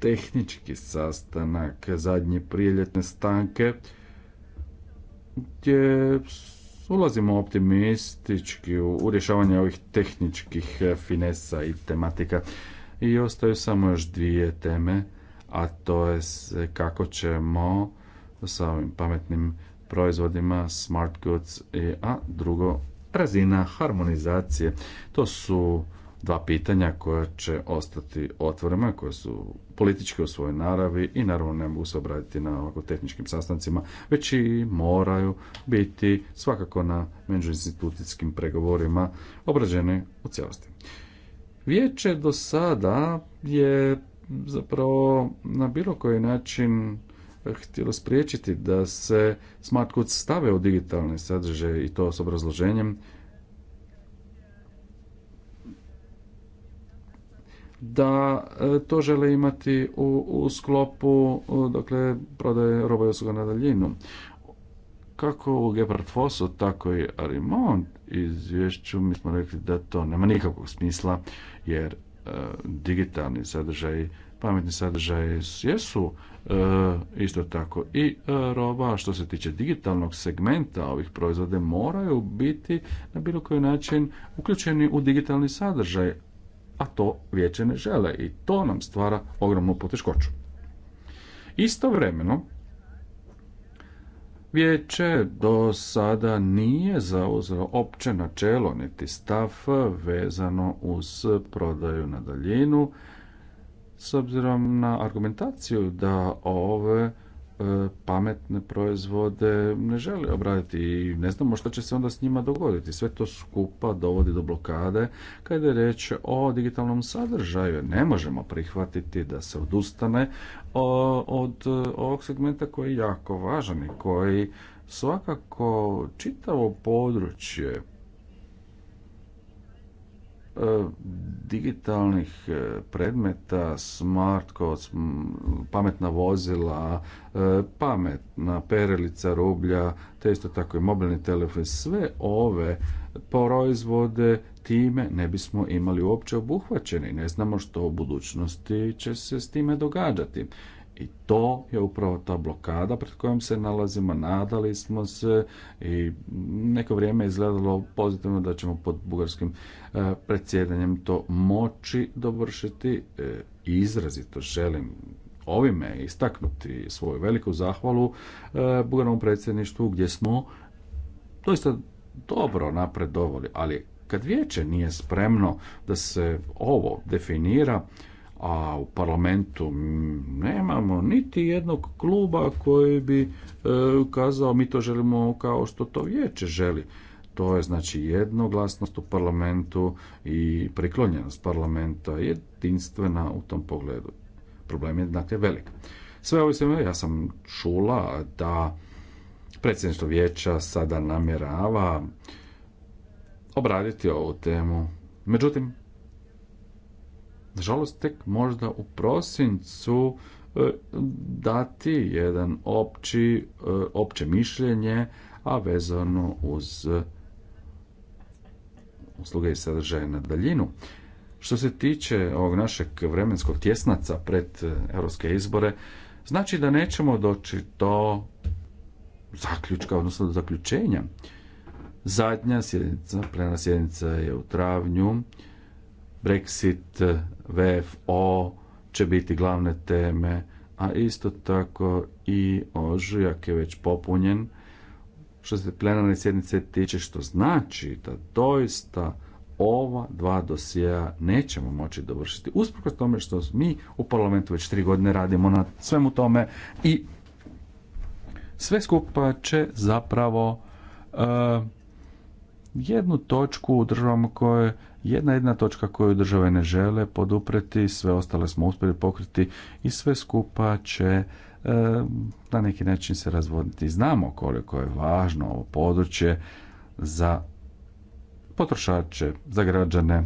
tehnički sastanak zadnje prijeljetne stanke gdje ulazimo optimistički u, u rješavanje ovih tehničkih e, finesa i tematika. I ostaju samo još dvije teme, a to je kako ćemo sa ovim pametnim proizvodima, smart goods, a drugo razina harmonizacije. To su dva pitanja koja će ostati otvorena, koja su politički u svojoj naravi i naravno ne mogu se obraditi na ovako tehničkim sastancima, već i moraju biti svakako na međuinstitucijskim pregovorima obrađene u cijelosti. Vijeće do sada je zapravo na bilo koji način htjelo spriječiti da se smart stave u digitalne sadržaje i to s obrazloženjem da e, to žele imati u, u sklopu e, dakle, prodaje roba i usluga na daljinu. Kako u Gebhard Fosu, tako i Arimont izvješću mi smo rekli da to nema nikakvog smisla jer e, digitalni sadržaj pametni sadržaj jesu isto tako i roba što se tiče digitalnog segmenta ovih proizvoda moraju biti na bilo koji način uključeni u digitalni sadržaj a to vijeće ne žele i to nam stvara ogromnu poteškoću. Istovremeno, Vijeće do sada nije zauzelo opće načelo niti stav vezano uz prodaju na daljinu s obzirom na argumentaciju da ove E, pametne proizvode ne želi obraditi i ne znamo što će se onda s njima dogoditi. Sve to skupa dovodi do blokade kada je riječ o digitalnom sadržaju. Ne možemo prihvatiti da se odustane od e, ovog segmenta koji je jako važan i koji svakako čitavo područje digitalnih e, predmeta, smart pametna vozila, e, pametna perelica rublja, te isto tako i mobilni telefon, sve ove proizvode time ne bismo imali uopće obuhvaćeni. Ne znamo što u budućnosti će se s time događati. I to je upravo ta blokada pred kojom se nalazimo. Nadali smo se i neko vrijeme je izgledalo pozitivno da ćemo pod bugarskim e, predsjedanjem to moći dovršiti. I e, izrazito želim ovime istaknuti svoju veliku zahvalu e, bugarnom predsjedništvu gdje smo doista dobro napredovali, ali kad vijeće nije spremno da se ovo definira, a u parlamentu nemamo niti jednog kluba koji bi e, ukazao mi to želimo kao što to vijeće želi. To je znači jednoglasnost u parlamentu i priklonjenost parlamenta jedinstvena u tom pogledu. Problem je dakle velik. Sve ovo sam, ja sam čula da predsjedništvo vijeća sada namjerava obraditi ovu temu. Međutim, nažalost tek možda u prosincu e, dati jedan opći, e, opće mišljenje, a vezano uz e, usluge i sadržaje na daljinu. Što se tiče ovog našeg vremenskog tjesnaca pred europske izbore, znači da nećemo doći do zaključka, odnosno do zaključenja. Zadnja sjednica, plena sjednica je u travnju, Brexit, eh, VFO će biti glavne teme, a isto tako i ožujak je već popunjen. Što se plenarne sjednice tiče, što znači da doista ova dva dosija nećemo moći dovršiti. Usprkos tome što mi u parlamentu već tri godine radimo na svemu tome i sve skupa će zapravo eh, jednu točku u državama koje jedna jedna točka koju države ne žele podupreti, sve ostale smo uspjeli pokriti i sve skupa će e, na neki način se razvoditi. Znamo koliko je važno ovo područje za potrošače, za građane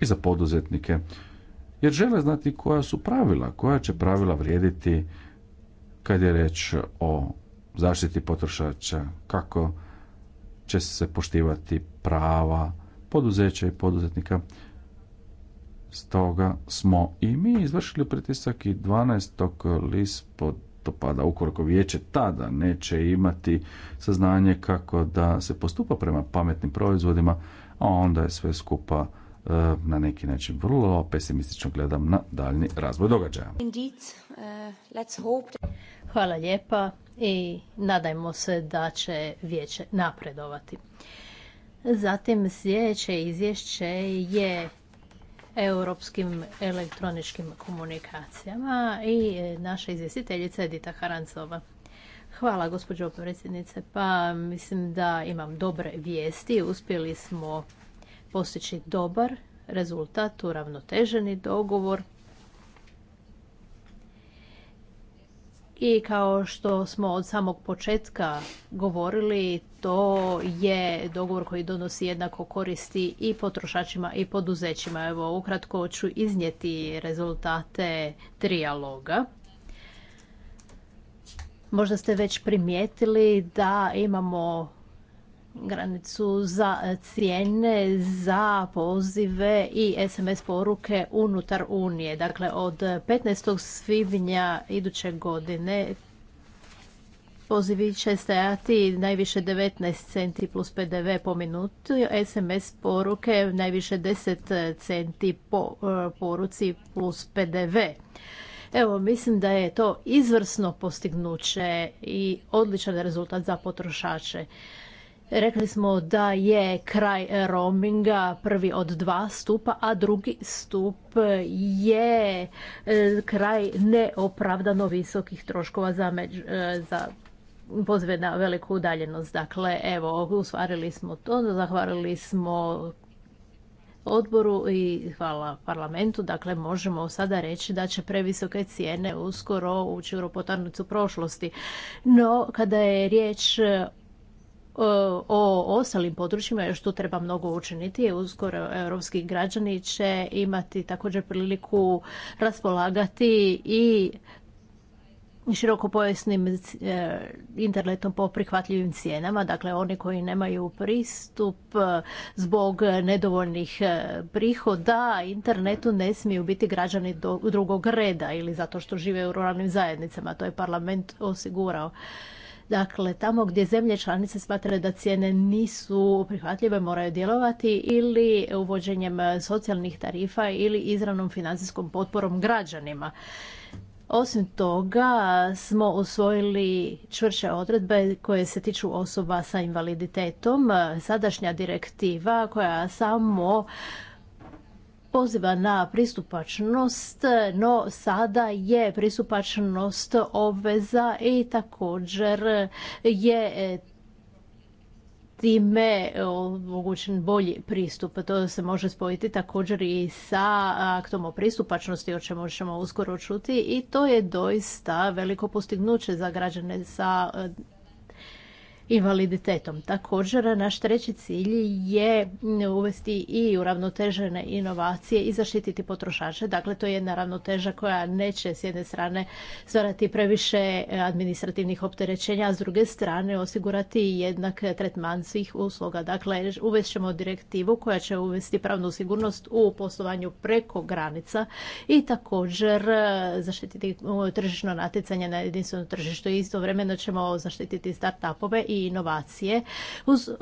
i za poduzetnike, jer žele znati koja su pravila, koja će pravila vrijediti kad je reč o zaštiti potrošača, kako će se poštivati prava poduzeća i poduzetnika. Stoga smo i mi izvršili pritisak i 12. listopada, ukoliko vijeće tada neće imati saznanje kako da se postupa prema pametnim proizvodima, a onda je sve skupa e, na neki način vrlo pesimistično gledam na daljni razvoj događaja. E, Hvala lijepa i nadajmo se da će vijeće napredovati. Zatim sljedeće izvješće je europskim elektroničkim komunikacijama i e, naša izvjestiteljica Edita Harancova. Hvala gospođo predsjednice. Pa mislim da imam dobre vijesti. Uspjeli smo postići dobar rezultat, uravnoteženi dogovor I kao što smo od samog početka govorili, to je dogovor koji donosi jednako koristi i potrošačima i poduzećima. Evo, ukratko ću iznijeti rezultate trijaloga. Možda ste već primijetili da imamo granicu za e, cijene, za pozive i SMS poruke unutar Unije. Dakle, od 15. svibnja iduće godine pozivi će stajati najviše 19 centi plus PDV po minutu, SMS poruke najviše 10 centi po e, poruci plus PDV. Evo, mislim da je to izvrsno postignuće i odličan rezultat za potrošače. Rekli smo da je kraj roaminga prvi od dva stupa, a drugi stup je e, kraj neopravdano visokih troškova za, e, za pozve na veliku udaljenost. Dakle, evo, usvarili smo to, zahvalili smo odboru i hvala parlamentu. Dakle, možemo sada reći da će previsoke cijene uskoro ući u ropotarnicu prošlosti. No, kada je riječ E, o ostalim područjima još tu treba mnogo učiniti. Uskoro e, europski građani će imati također priliku raspolagati i širokopojasnim e, internetom po prihvatljivim cijenama. Dakle, oni koji nemaju pristup zbog nedovoljnih prihoda internetu ne smiju biti građani drugog reda ili zato što žive u ruralnim zajednicama. To je parlament osigurao. Dakle, tamo gdje zemlje članice smatraju da cijene nisu prihvatljive moraju djelovati ili uvođenjem socijalnih tarifa ili izravnom financijskom potporom građanima. Osim toga smo usvojili čvrše odredbe koje se tiču osoba sa invaliditetom. Sadašnja direktiva koja samo poziva na pristupačnost, no sada je pristupačnost obveza i također je e, time e, omogućen bolji pristup. To se može spojiti također i sa aktom o pristupačnosti, o čemu ćemo uskoro čuti i to je doista veliko postignuće za građane sa e, invaliditetom. Također, naš treći cilj je uvesti i uravnotežene inovacije i zaštititi potrošače. Dakle, to je jedna ravnoteža koja neće s jedne strane stvarati previše administrativnih opterećenja, a s druge strane osigurati jednak tretman svih usluga. Dakle, uvest ćemo direktivu koja će uvesti pravnu sigurnost u poslovanju preko granica i također zaštititi tržišno natjecanje na jedinstvenom tržištu. Istovremeno ćemo zaštititi start-upove i inovacije. Uz e,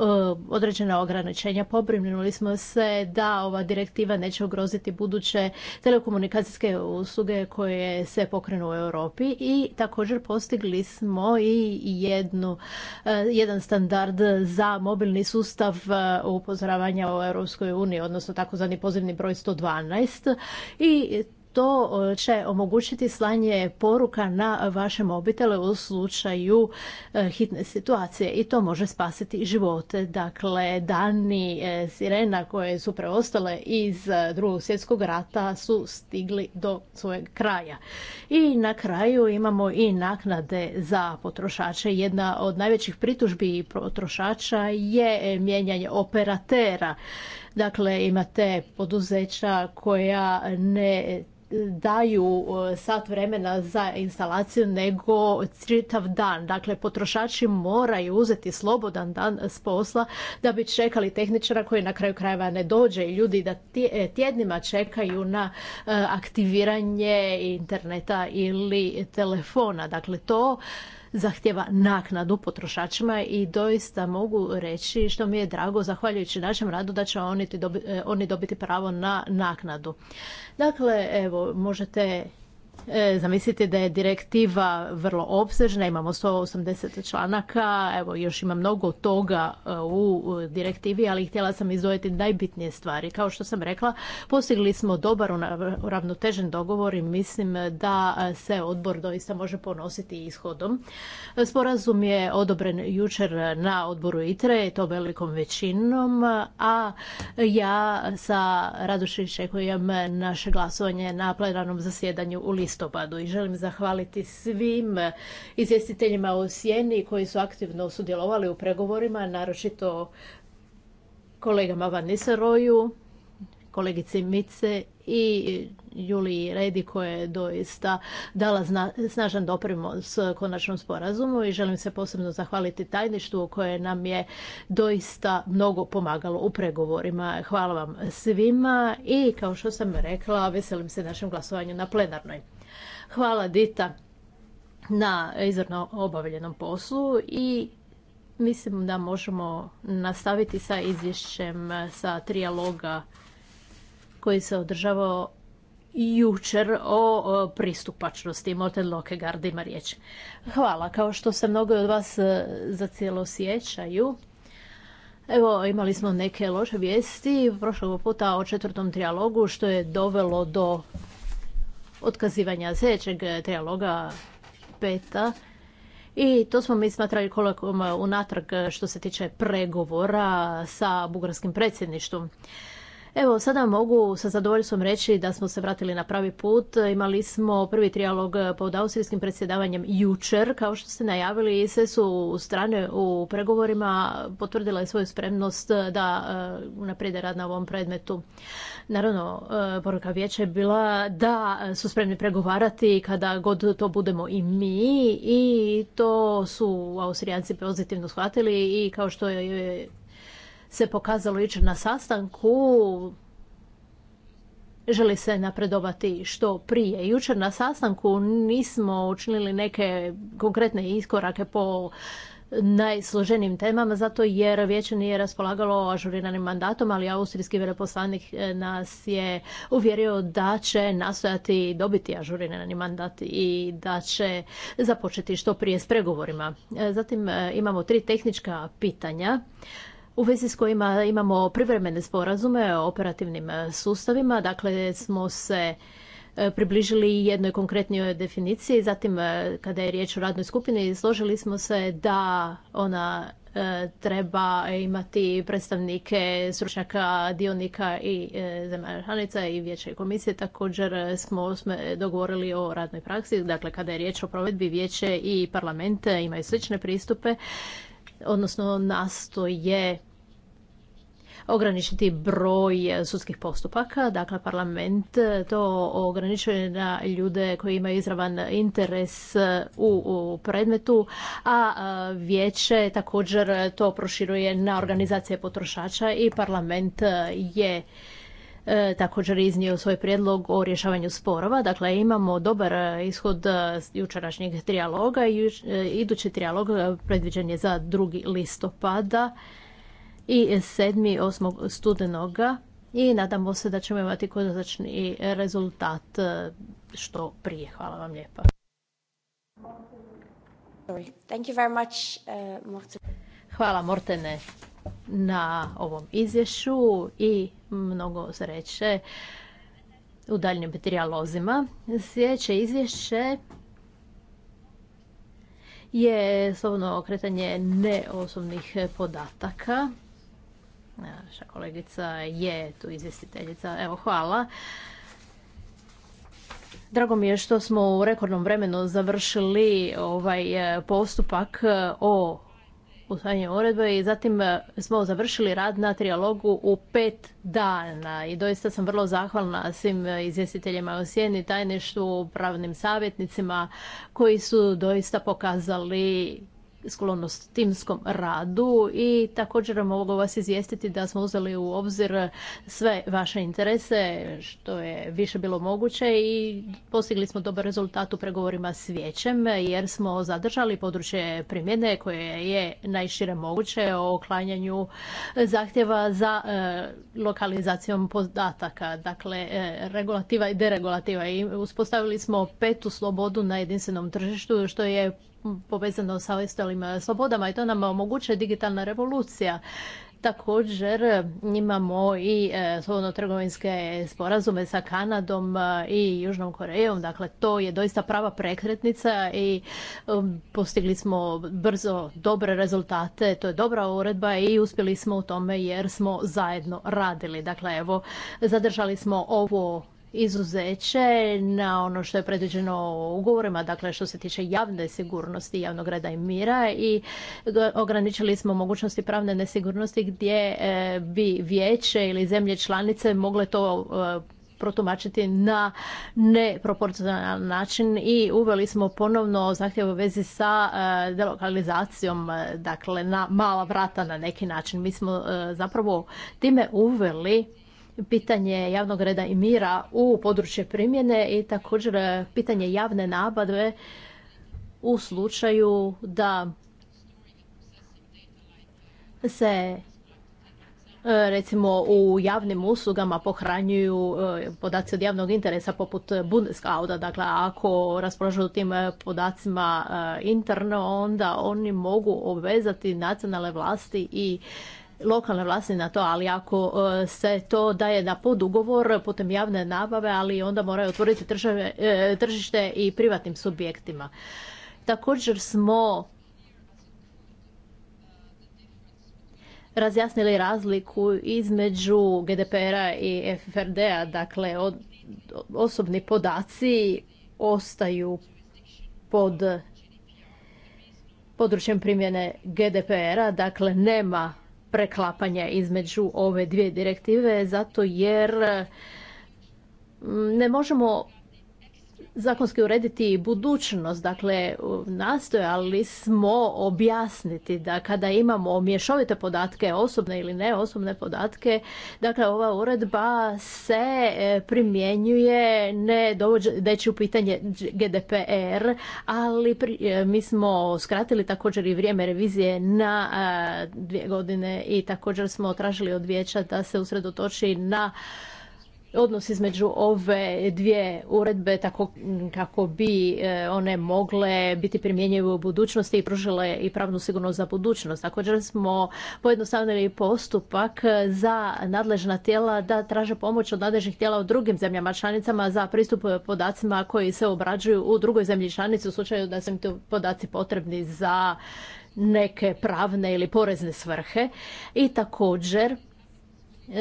određena ograničenja pobrinuli smo se da ova direktiva neće ugroziti buduće telekomunikacijske usluge koje se pokrenu u Europi i također postigli smo i jednu, e, jedan standard za mobilni sustav e, upozoravanja u Europskoj uniji, odnosno takozvani pozivni broj 112 i to e, će omogućiti slanje poruka na vaše mobitele u slučaju e, hitne situacije i to može spasiti živote. Dakle, dani e, sirena koje su preostale iz drugog svjetskog rata su stigli do svojeg kraja. I na kraju imamo i naknade za potrošače. Jedna od najvećih pritužbi potrošača je mijenjanje operatera. Dakle, imate poduzeća koja ne daju e, sat vremena za instalaciju nego čitav dan. Dakle, potrošači moraju uzeti slobodan dan s posla da bi čekali tehničara koji na kraju krajeva ne dođe i ljudi da e, tjednima čekaju na e, aktiviranje interneta ili telefona. Dakle, to zahtjeva naknadu potrošačima i doista mogu reći što mi je drago zahvaljujući našem radu da će oni e, dobiti pravo na naknadu. Dakle, evo, možete E, zamislite da je direktiva vrlo obsežna, imamo 180 članaka, evo još ima mnogo toga e, u direktivi, ali htjela sam izdvojiti najbitnije stvari. Kao što sam rekla, postigli smo dobar uravnotežen dogovor i mislim da e, se odbor doista može ponositi ishodom. Sporazum je odobren jučer na odboru ITRE, to velikom većinom, a ja sa radošću iščekujem naše glasovanje na plenarnom zasjedanju u listopadu listopadu i želim zahvaliti svim izvjestiteljima u Sjeni koji su aktivno sudjelovali u pregovorima, naročito kolegama Van Nisaroju, kolegici Mice i Juliji Redi koja je doista dala snažan doprinos konačnom sporazumu i želim se posebno zahvaliti tajništvu koje nam je doista mnogo pomagalo u pregovorima. Hvala vam svima i kao što sam rekla veselim se našem glasovanju na plenarnoj. Hvala Dita na izvrno obavljenom poslu i mislim da možemo nastaviti sa izvješćem sa trijaloga koji se održavao jučer o pristupačnosti. Morten loke, ima riječ. Hvala. Kao što se mnogo od vas e, za cijelo sjećaju, Evo, imali smo neke loše vijesti prošlog puta o četvrtom trijalogu, što je dovelo do otkazivanja sljedećeg eh, trialoga peta i to smo mi smatrali kolakom eh, unatrag eh, što se tiče pregovora sa bugarskim predsjedništvom. Evo, sada mogu sa zadovoljstvom reći da smo se vratili na pravi put. Imali smo prvi trijalog pod austrijskim predsjedavanjem jučer. Kao što ste najavili, sve su strane u pregovorima potvrdile svoju spremnost da e, naprijede rad na ovom predmetu. Naravno, e, poruka vijeća je bila da su spremni pregovarati kada god to budemo i mi i to su Austrijanci pozitivno shvatili i kao što je se pokazalo jučer na sastanku želi se napredovati što prije. Jučer na sastanku nismo učinili neke konkretne iskorake po najsloženijim temama, zato jer vijeće nije raspolagalo ažuriranim mandatom, ali austrijski veleposlanik e, nas je uvjerio da će nastojati dobiti ažurirani mandat i da će započeti što prije s pregovorima. E, zatim e, imamo tri tehnička pitanja u vezi s kojima imamo privremene sporazume o operativnim e, sustavima. Dakle, smo se e, približili jednoj konkretnijoj definiciji. Zatim, e, kada je riječ o radnoj skupini, složili smo se da ona treba imati predstavnike stručnjaka, dionika i zemalja i vijeća i komisije. Također smo dogovorili o radnoj praksi, dakle kada je riječ o provedbi vijeće i parlamente imaju slične pristupe, odnosno nastoje ograničiti broj e, sudskih postupaka. Dakle, parlament e, to ograničuje na ljude koji imaju izravan interes e, u, predmetu, a vijeće također to proširuje na organizacije potrošača i parlament je također iznio svoj prijedlog o rješavanju sporova. Dakle, imamo dobar ishod jučerašnjeg trijaloga i idući trijalog predviđen je za 2. listopada i 7. i 8. studenoga i nadamo se da ćemo imati konačni rezultat e, što prije. Hvala vam lijepa. E, Hvala Mortene na ovom izvješću i mnogo sreće u daljnjim trijalozima. Sljedeće izvješće je slobodno okretanje neosobnih podataka. Naša kolegica je tu izvjestiteljica. Evo, hvala. Drago mi je što smo u rekordnom vremenu završili ovaj e, postupak e, o usvajanju uredbe i zatim e, smo završili rad na trijalogu u pet dana i doista sam vrlo zahvalna svim izvjestiteljima u Sjeni, tajništvu, pravnim savjetnicima koji su doista pokazali sklonost timskom radu i također mogu vas izvijestiti da smo uzeli u obzir sve vaše interese što je više bilo moguće i postigli smo dobar rezultat u pregovorima s vijećem jer smo zadržali područje primjene koje je najšire moguće o oklanjanju zahtjeva za e, lokalizacijom podataka, dakle e, regulativa i deregulativa i uspostavili smo petu slobodu na jedinstvenom tržištu što je povezano sa ostalim eh, slobodama i to nam omogućuje digitalna revolucija. Također imamo i eh, slobodno trgovinske sporazume sa Kanadom eh, i Južnom Korejom. Dakle, to je doista prava prekretnica i um, postigli smo brzo dobre rezultate. To je dobra uredba i uspjeli smo u tome jer smo zajedno radili. Dakle, evo, zadržali smo ovo izuzeće na ono što je predviđeno ugovorima, dakle što se tiče javne sigurnosti, javnog reda i mira i ograničili smo mogućnosti pravne nesigurnosti gdje e, bi vijeće ili zemlje članice mogle to e, protumačiti na neproporcionalan način i uveli smo ponovno zahtjev u vezi sa e, delokalizacijom, dakle na mala vrata na neki način. Mi smo zapravo time uveli pitanje javnog reda i mira u područje primjene i također e, pitanje javne nabave u slučaju da se e, recimo u javnim uslugama pohranjuju e, podaci od javnog interesa poput Bundeskauda. Dakle, ako raspolažu tim podacima interno, onda oni mogu obvezati nacionalne vlasti i lokalne vlasti na to, ali ako e, se to daje na podugovor putem javne nabave, ali onda moraju otvoriti e, tržište i privatnim subjektima. Također smo razjasnili razliku između GDPR-a i FFRD-a, dakle osobni podaci ostaju pod područjem primjene GDPR-a, dakle nema preklapanja između ove dvije direktive zato jer mm, ne možemo zakonski urediti budućnost, dakle nastojali smo objasniti da kada imamo mješovite podatke, osobne ili ne osobne podatke, dakle ova uredba se e, primjenjuje ne u pitanje GDPR, ali e, mi smo skratili također i vrijeme revizije na e, dvije godine i također smo tražili od vijeća da se usredotoči na odnos između ove dvije uredbe tako kako bi e, one mogle biti primjenjive u budućnosti i pružile i pravnu sigurnost za budućnost. Također smo pojednostavili postupak za nadležna tijela da traže pomoć od nadležnih tijela u drugim zemljama članicama za pristup podacima koji se obrađuju u drugoj zemlji članici u slučaju da su im tu podaci potrebni za neke pravne ili porezne svrhe. I također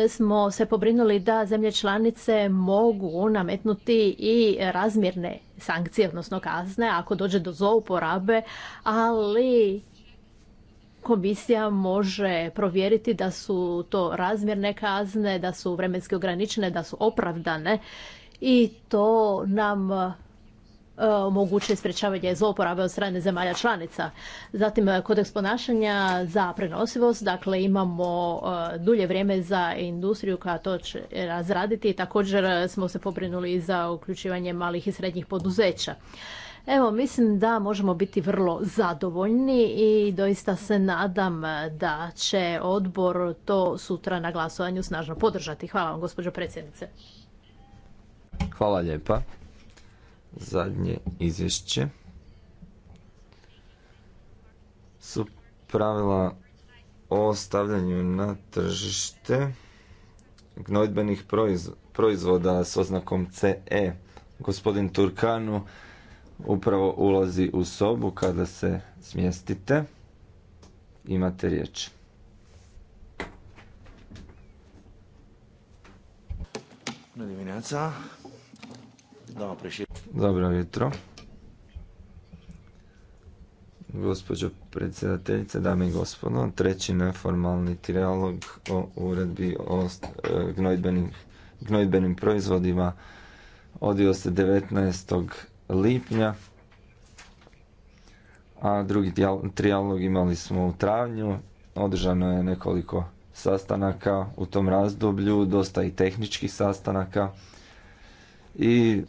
smo se pobrinuli da zemlje članice mogu nametnuti i razmjerne sankcije, odnosno kazne, ako dođe do zlouporabe, ali komisija može provjeriti da su to razmjerne kazne, da su vremenski ograničene, da su opravdane i to nam omogućuje e, sprečavanje zlouporabe od strane zemalja članica. Zatim e, kodeks ponašanja za prenosivost, dakle imamo e, dulje vrijeme za industriju koja to će razraditi i također smo se pobrinuli za uključivanje malih i srednjih poduzeća. Evo, mislim da možemo biti vrlo zadovoljni i doista se nadam da će odbor to sutra na glasovanju snažno podržati. Hvala vam, gospođo predsjednice. Hvala lijepa zadnje izvješće su pravila o stavljanju na tržište gnojbenih proizvoda s oznakom CE. Gospodin Turkanu upravo ulazi u sobu kada se smjestite. Imate riječ. Na dobro jutro. Gospođo predsjedateljice, dame i gospodo, treći neformalni trijalog o uredbi o e, gnojbenim, proizvodima odio se 19. lipnja, a drugi trijalog imali smo u travnju. Održano je nekoliko sastanaka u tom razdoblju, dosta i tehničkih sastanaka i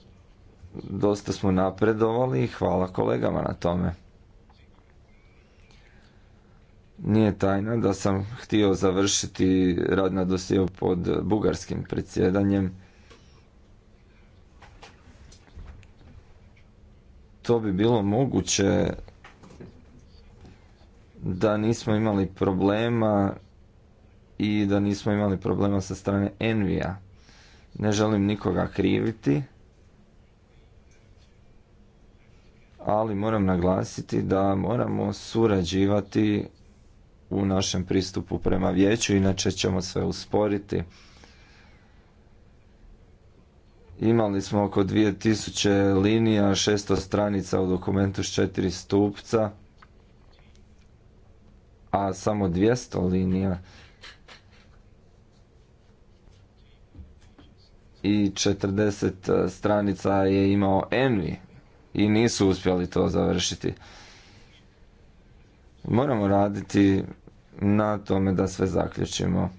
dosta smo napredovali i hvala kolegama na tome. Nije tajna da sam htio završiti rad na dosiju pod bugarskim predsjedanjem. To bi bilo moguće da nismo imali problema i da nismo imali problema sa strane Envija. Ne želim nikoga kriviti. ali moram naglasiti da moramo surađivati u našem pristupu prema vijeću, inače ćemo sve usporiti. Imali smo oko 2000 linija, 600 stranica u dokumentu s četiri stupca, a samo 200 linija i 40 stranica je imao Envi i nisu uspjeli to završiti. Moramo raditi na tome da sve zaključimo.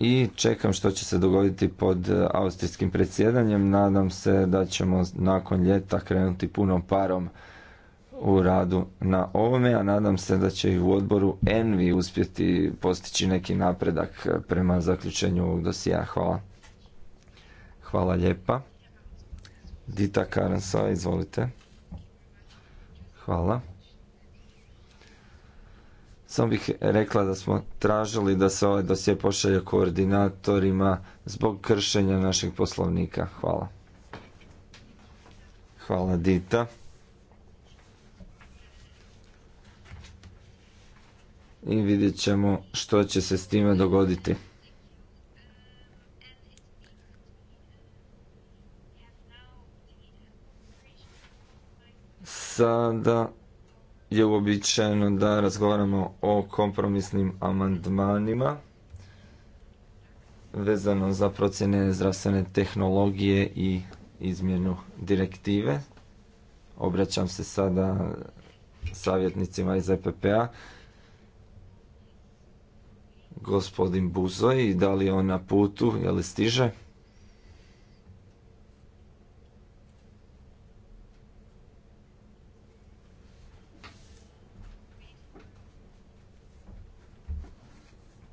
I čekam što će se dogoditi pod austrijskim predsjedanjem. Nadam se da ćemo nakon ljeta krenuti punom parom u radu na ovome, a nadam se da će i u odboru Envi uspjeti postići neki napredak prema zaključenju ovog dosija. Hvala. Hvala lijepa. Dita Karansa, izvolite. Hvala. Samo bih rekla da smo tražili da se ovaj dosje pošalje koordinatorima zbog kršenja našeg poslovnika. Hvala. Hvala Dita. I vidjet ćemo što će se s time dogoditi. Sada je uobičajeno da razgovaramo o kompromisnim amandmanima vezano za procjene zdravstvene tehnologije i izmjenu direktive. Obraćam se sada savjetnicima iz EPP-a. Gospodin Buzoj, da li je on na putu, je li stiže?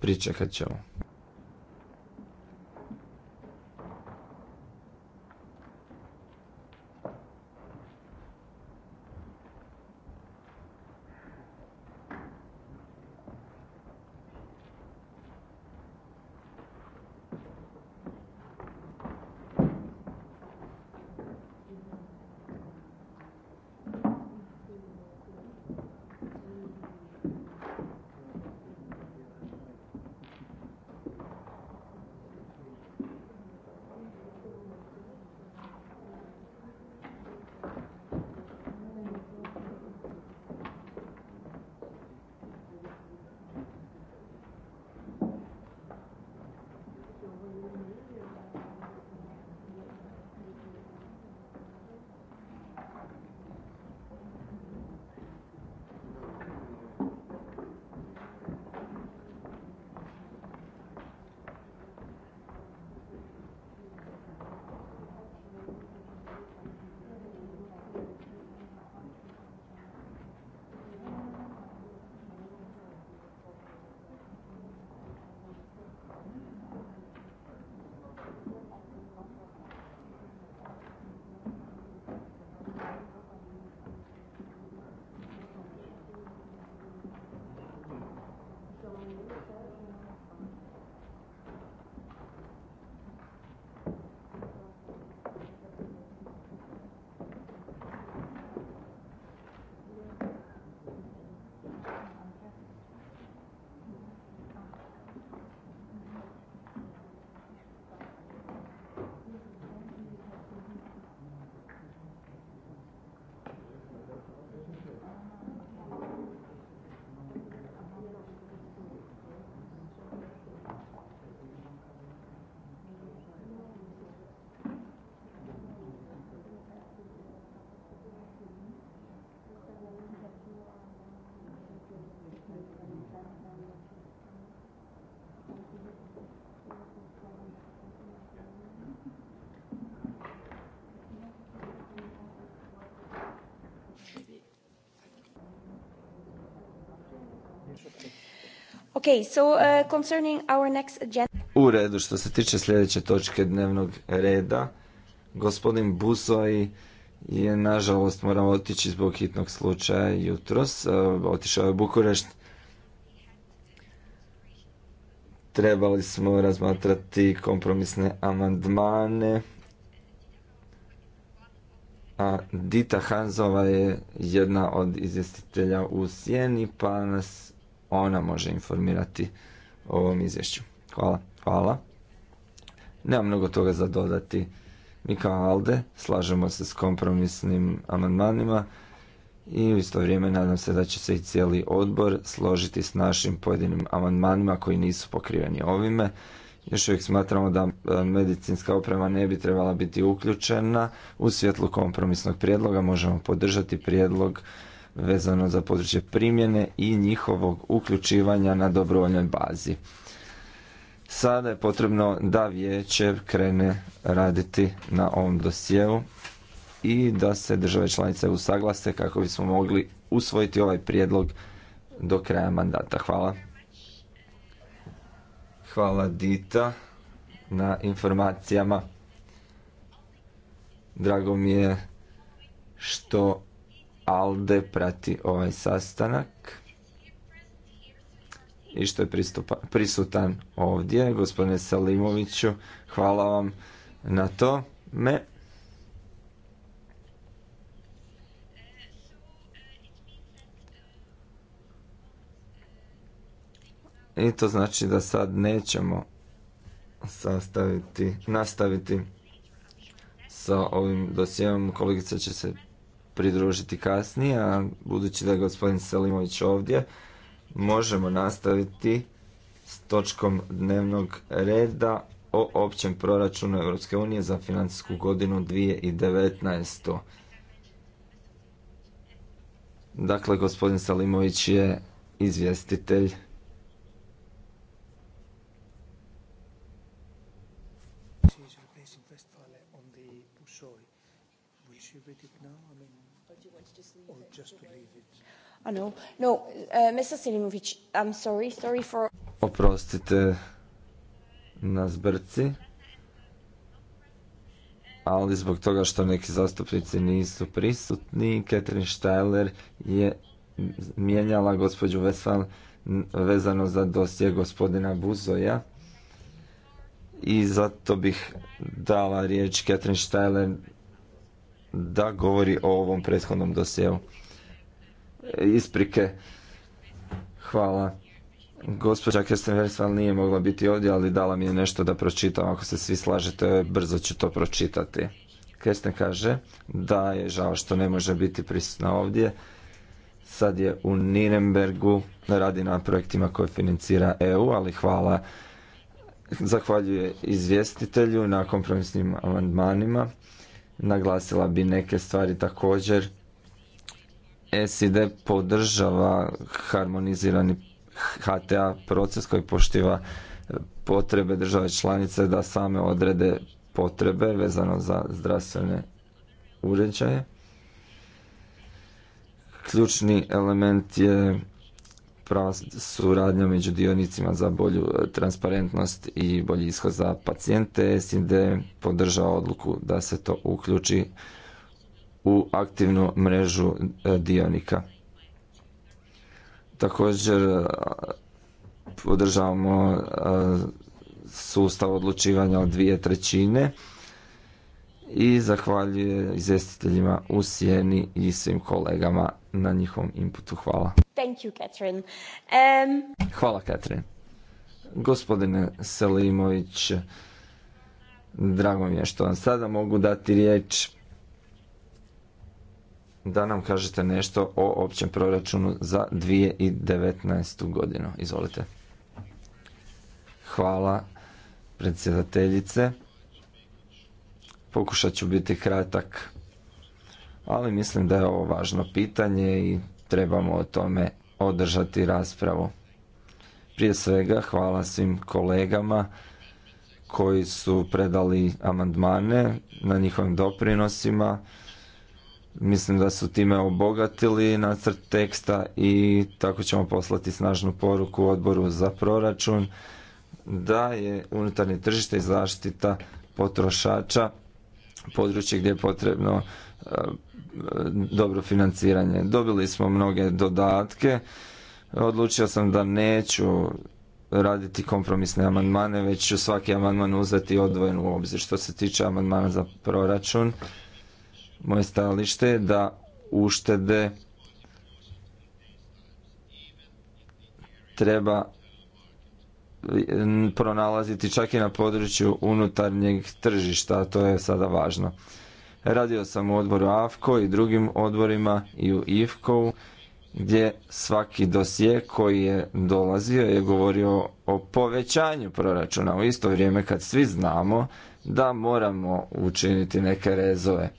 Pričekat ćemo. Uh, u redu, što se tiče sljedeće točke dnevnog reda, gospodin Busoj je, nažalost, morao otići zbog hitnog slučaja jutros. E, otišao je u Bukurešt. Trebali smo razmatrati kompromisne amandmane. A Dita Hanzova je jedna od izvjestitelja u Sjeni, pa nas ona može informirati o ovom izvješću. Hvala. Hvala. Nemam mnogo toga za dodati. Mi kao ALDE slažemo se s kompromisnim amandmanima i u isto vrijeme nadam se da će se i cijeli odbor složiti s našim pojedinim amandmanima koji nisu pokriveni ovime. Još uvijek smatramo da e, medicinska oprema ne bi trebala biti uključena. U svjetlu kompromisnog prijedloga možemo podržati prijedlog vezano za područje primjene i njihovog uključivanja na dobrovoljnoj bazi. Sada je potrebno da vijeće krene raditi na ovom dosjeu i da se države članice usaglaste kako bismo mogli usvojiti ovaj prijedlog do kraja mandata. Hvala. Hvala Dita na informacijama. Drago mi je što ALDE prati ovaj sastanak i što je prisutan ovdje. Gospodine Salimoviću, hvala vam na to. Me. I to znači da sad nećemo sastaviti, nastaviti sa ovim dosijevom. Kolegica će se pridružiti kasnije, a budući da je gospodin Selimović ovdje, možemo nastaviti s točkom dnevnog reda o općem proračunu Europske unije za financijsku godinu 2019. Dakle, gospodin Salimović je izvjestitelj Uh, Oprostite na zbrci, ali zbog toga što neki zastupnici nisu prisutni, Catherine Steiler je mijenjala gospođu Vesval vezano za dosje gospodina Buzoja i zato bih dala riječ Catherine Steiler da govori o ovom prethodnom dosjeu isprike. Hvala. Gospođa Kirsten Versval nije mogla biti ovdje, ali dala mi je nešto da pročitam. Ako se svi slažete, brzo ću to pročitati. Kirsten kaže da je žao što ne može biti prisutna ovdje. Sad je u Nirembergu, radi na projektima koje financira EU, ali hvala. Zahvaljuje izvjestitelju na kompromisnim amandmanima. Naglasila bi neke stvari također SID podržava harmonizirani HTA proces koji poštiva potrebe države članice da same odrede potrebe vezano za zdravstvene uređaje. Ključni element je prava suradnja među dionicima za bolju transparentnost i bolji ishod za pacijente. SID podržava odluku da se to uključi u aktivnu mrežu e, dionika. Također e, podržavamo e, sustav odlučivanja od dvije trećine i zahvaljujem izvjestiteljima u Sjeni i svim kolegama na njihovom inputu. Hvala. Thank um, Hvala, Catherine. Gospodine Selimović, drago mi je što vam sada mogu dati riječ da nam kažete nešto o općem proračunu za 2019. godinu. Izvolite. Hvala predsjedateljice. Pokušat ću biti kratak, ali mislim da je ovo važno pitanje i trebamo o tome održati raspravu. Prije svega hvala svim kolegama koji su predali amandmane na njihovim doprinosima. Mislim da su time obogatili nacrt teksta i tako ćemo poslati snažnu poruku odboru za proračun da je unutarnje tržište i zaštita potrošača područje gdje je potrebno e, dobro financiranje. Dobili smo mnoge dodatke. Odlučio sam da neću raditi kompromisne amandmane, već ću svaki amandman uzeti odvojen u obzir. Što se tiče amandmana za proračun, moje stajalište je da uštede treba pronalaziti čak i na području unutarnjeg tržišta, a to je sada važno. Radio sam u odboru AFKO i drugim odborima i u IFKO gdje svaki dosje koji je dolazio je govorio o povećanju proračuna u isto vrijeme kad svi znamo da moramo učiniti neke rezove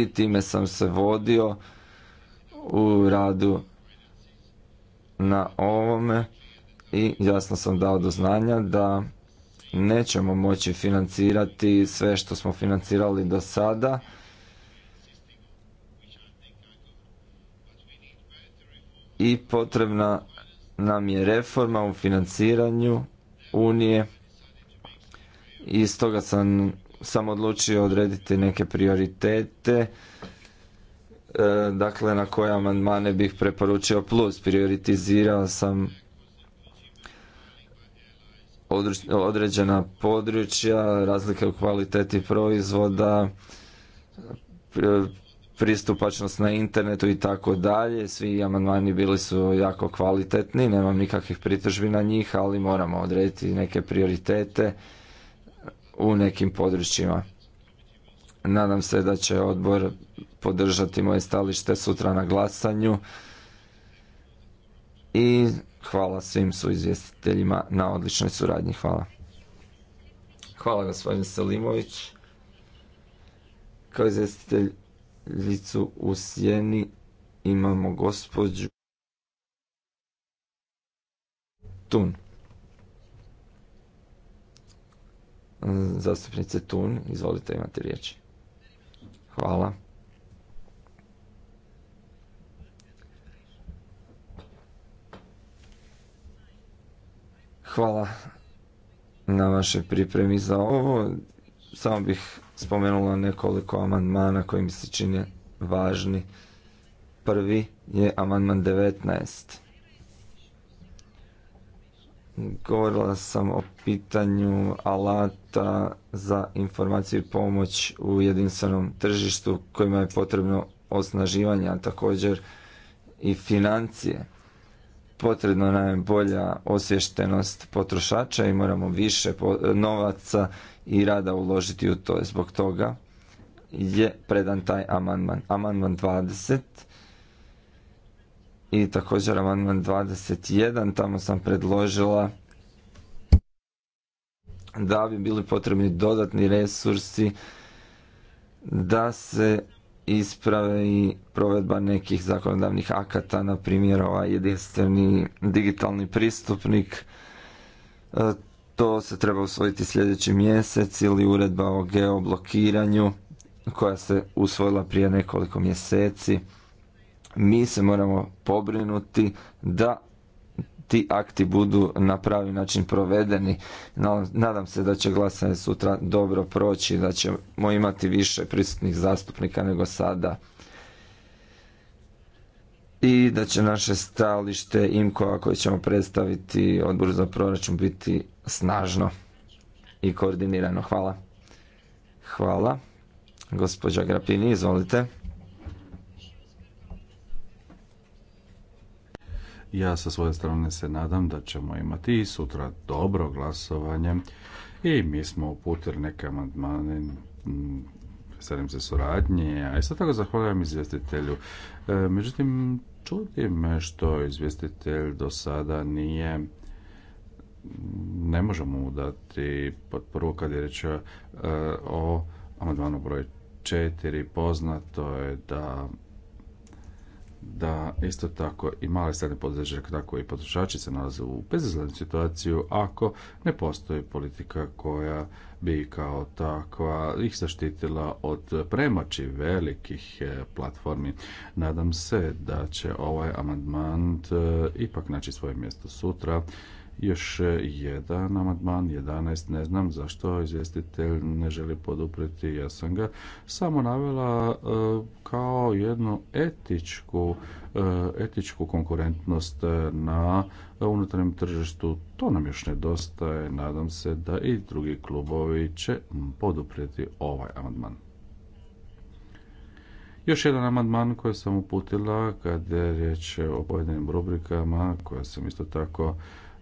i time sam se vodio u radu na ovome i jasno sam dao do znanja da nećemo moći financirati sve što smo financirali do sada. I potrebna nam je reforma u financiranju Unije i stoga sam sam odlučio odrediti neke prioritete e, dakle na koje amandmane bih preporučio plus. Prioritizirao sam određena područja, razlike u kvaliteti proizvoda, e, pristupačnost na internetu i tako dalje. Svi amandmani bili su jako kvalitetni, nemam nikakvih pritužbi na njih, ali moramo odrediti neke prioritete u nekim područjima. Nadam se da će odbor podržati moje stalište sutra na glasanju i hvala svim izvjestiteljima na odličnoj suradnji. Hvala. Hvala gospodin Selimović. Kao izvjestiteljicu u Sjeni imamo gospođu Tun. Zastupnice Tun, izvolite imate riječ. Hvala. Hvala na vašoj pripremi za ovo. Samo bih spomenula nekoliko amandmana koji mi se čine važni. Prvi je amandman 19. Govorila sam o pitanju alat za informaciju i pomoć u jedinstvenom tržištu kojima je potrebno osnaživanje, a također i financije. Potrebno nam je bolja osvještenost potrošača i moramo više novaca i rada uložiti u to. Zbog toga je predan taj amandman. Amandman 20 i također amandman 21, tamo sam predložila da bi bili potrebni dodatni resursi da se isprave i provedba nekih zakonodavnih akata, na primjer ovaj jedinstveni digitalni pristupnik. E, to se treba usvojiti sljedeći mjesec ili uredba o geoblokiranju koja se usvojila prije nekoliko mjeseci. Mi se moramo pobrinuti da ti akti budu na pravi način provedeni. Nadam se da će glasanje sutra dobro proći, da ćemo imati više prisutnih zastupnika nego sada i da će naše stajalište imkova koje ćemo predstaviti Odbor za proračun biti snažno i koordinirano. Hvala. Hvala. Gospođa Grapini, izvolite. Ja sa svoje strane se nadam da ćemo imati i sutra dobro glasovanje i mi smo uputili neke amandmane mm, veselim se suradnje, a isto tako zahvaljujem izvjestitelju. E, međutim, čudi me što izvjestitelj do sada nije ne možemo mu dati potporu kad je reč e, o amandmanu broj 4. Poznato je da da isto tako i male srednje poduzeće, tako i potrošači se nalaze u bezizglednu situaciju ako ne postoji politika koja bi kao takva ih zaštitila od premoći velikih e, platformi. Nadam se da će ovaj amandman e, ipak naći svoje mjesto sutra još e, jedan amandman, 11, ne znam zašto izvjestitelj ne želi podupreti, ja sam ga samo navela e, kao jednu etičku, e, etičku konkurentnost na unutarnjem tržištu. To nam još nedostaje, nadam se da i drugi klubovi će poduprijeti ovaj amandman. Još jedan amandman koji sam uputila kada je riječ o pojedinim rubrikama koje sam isto tako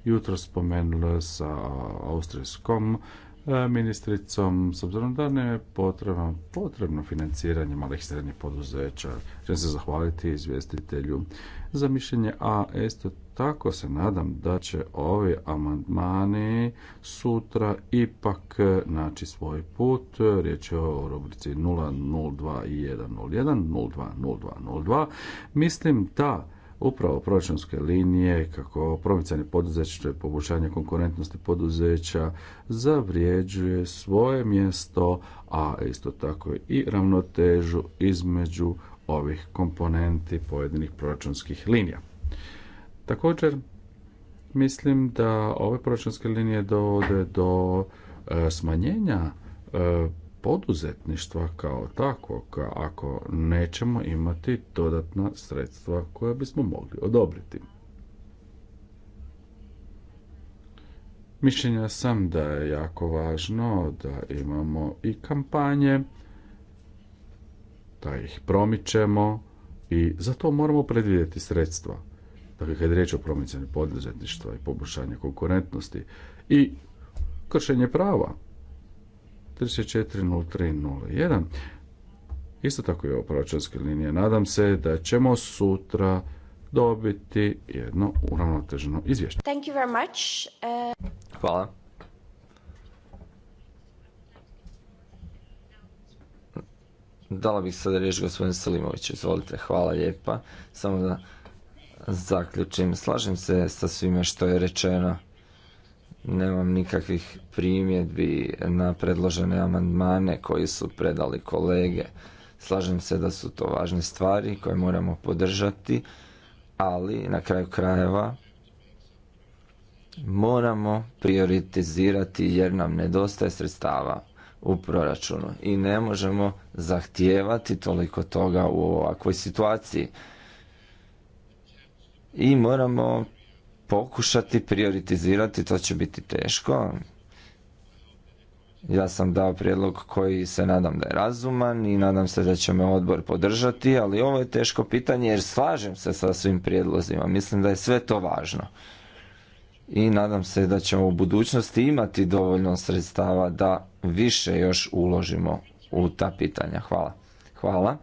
jutro spomenula sa austrijskom e, ministricom, s obzirom da ne potrebno, potrebno financiranje malih srednjih poduzeća. Želim se zahvaliti izvjestitelju za mišljenje, a isto tako se nadam da će ovi amandmani sutra ipak naći svoj put. Riječ je o rubrici 002 i Mislim da upravo proračunske linije, kako promicanje poduzeća, i poboljšanje konkurentnosti poduzeća, zavrijeđuje svoje mjesto, a isto tako i ravnotežu između ovih komponenti pojedinih proračunskih linija. Također, mislim da ove proračunske linije dovode do e, smanjenja e, poduzetništva kao takvog ako nećemo imati dodatna sredstva koja bismo mogli odobriti. Mišljenja sam da je jako važno da imamo i kampanje, da ih promičemo i za to moramo predvidjeti sredstva. Dakle, kad je riječ o promicanju poduzetništva i poboljšanju konkurentnosti i kršenje prava, 340301. Isto tako je ovo proračunske linije. Nadam se da ćemo sutra dobiti jedno uravnoteženo izvješće. Thank you very much. Uh, hvala. Dala bih sada riječ gospodin Salimović, izvolite, hvala lijepa. Samo da zaključim, slažem se sa svime što je rečeno. Nemam nikakvih primjedbi na predložene amandmane koji su predali kolege. Slažem se da su to važne stvari koje moramo podržati, ali na kraju krajeva moramo prioritizirati jer nam nedostaje sredstava u proračunu i ne možemo zahtijevati toliko toga u ovakvoj situaciji. I moramo pokušati prioritizirati, to će biti teško. Ja sam dao prijedlog koji se nadam da je razuman i nadam se da će me odbor podržati, ali ovo je teško pitanje jer slažem se sa svim prijedlozima. Mislim da je sve to važno. I nadam se da ćemo u budućnosti imati dovoljno sredstava da više još uložimo u ta pitanja. Hvala. Hvala.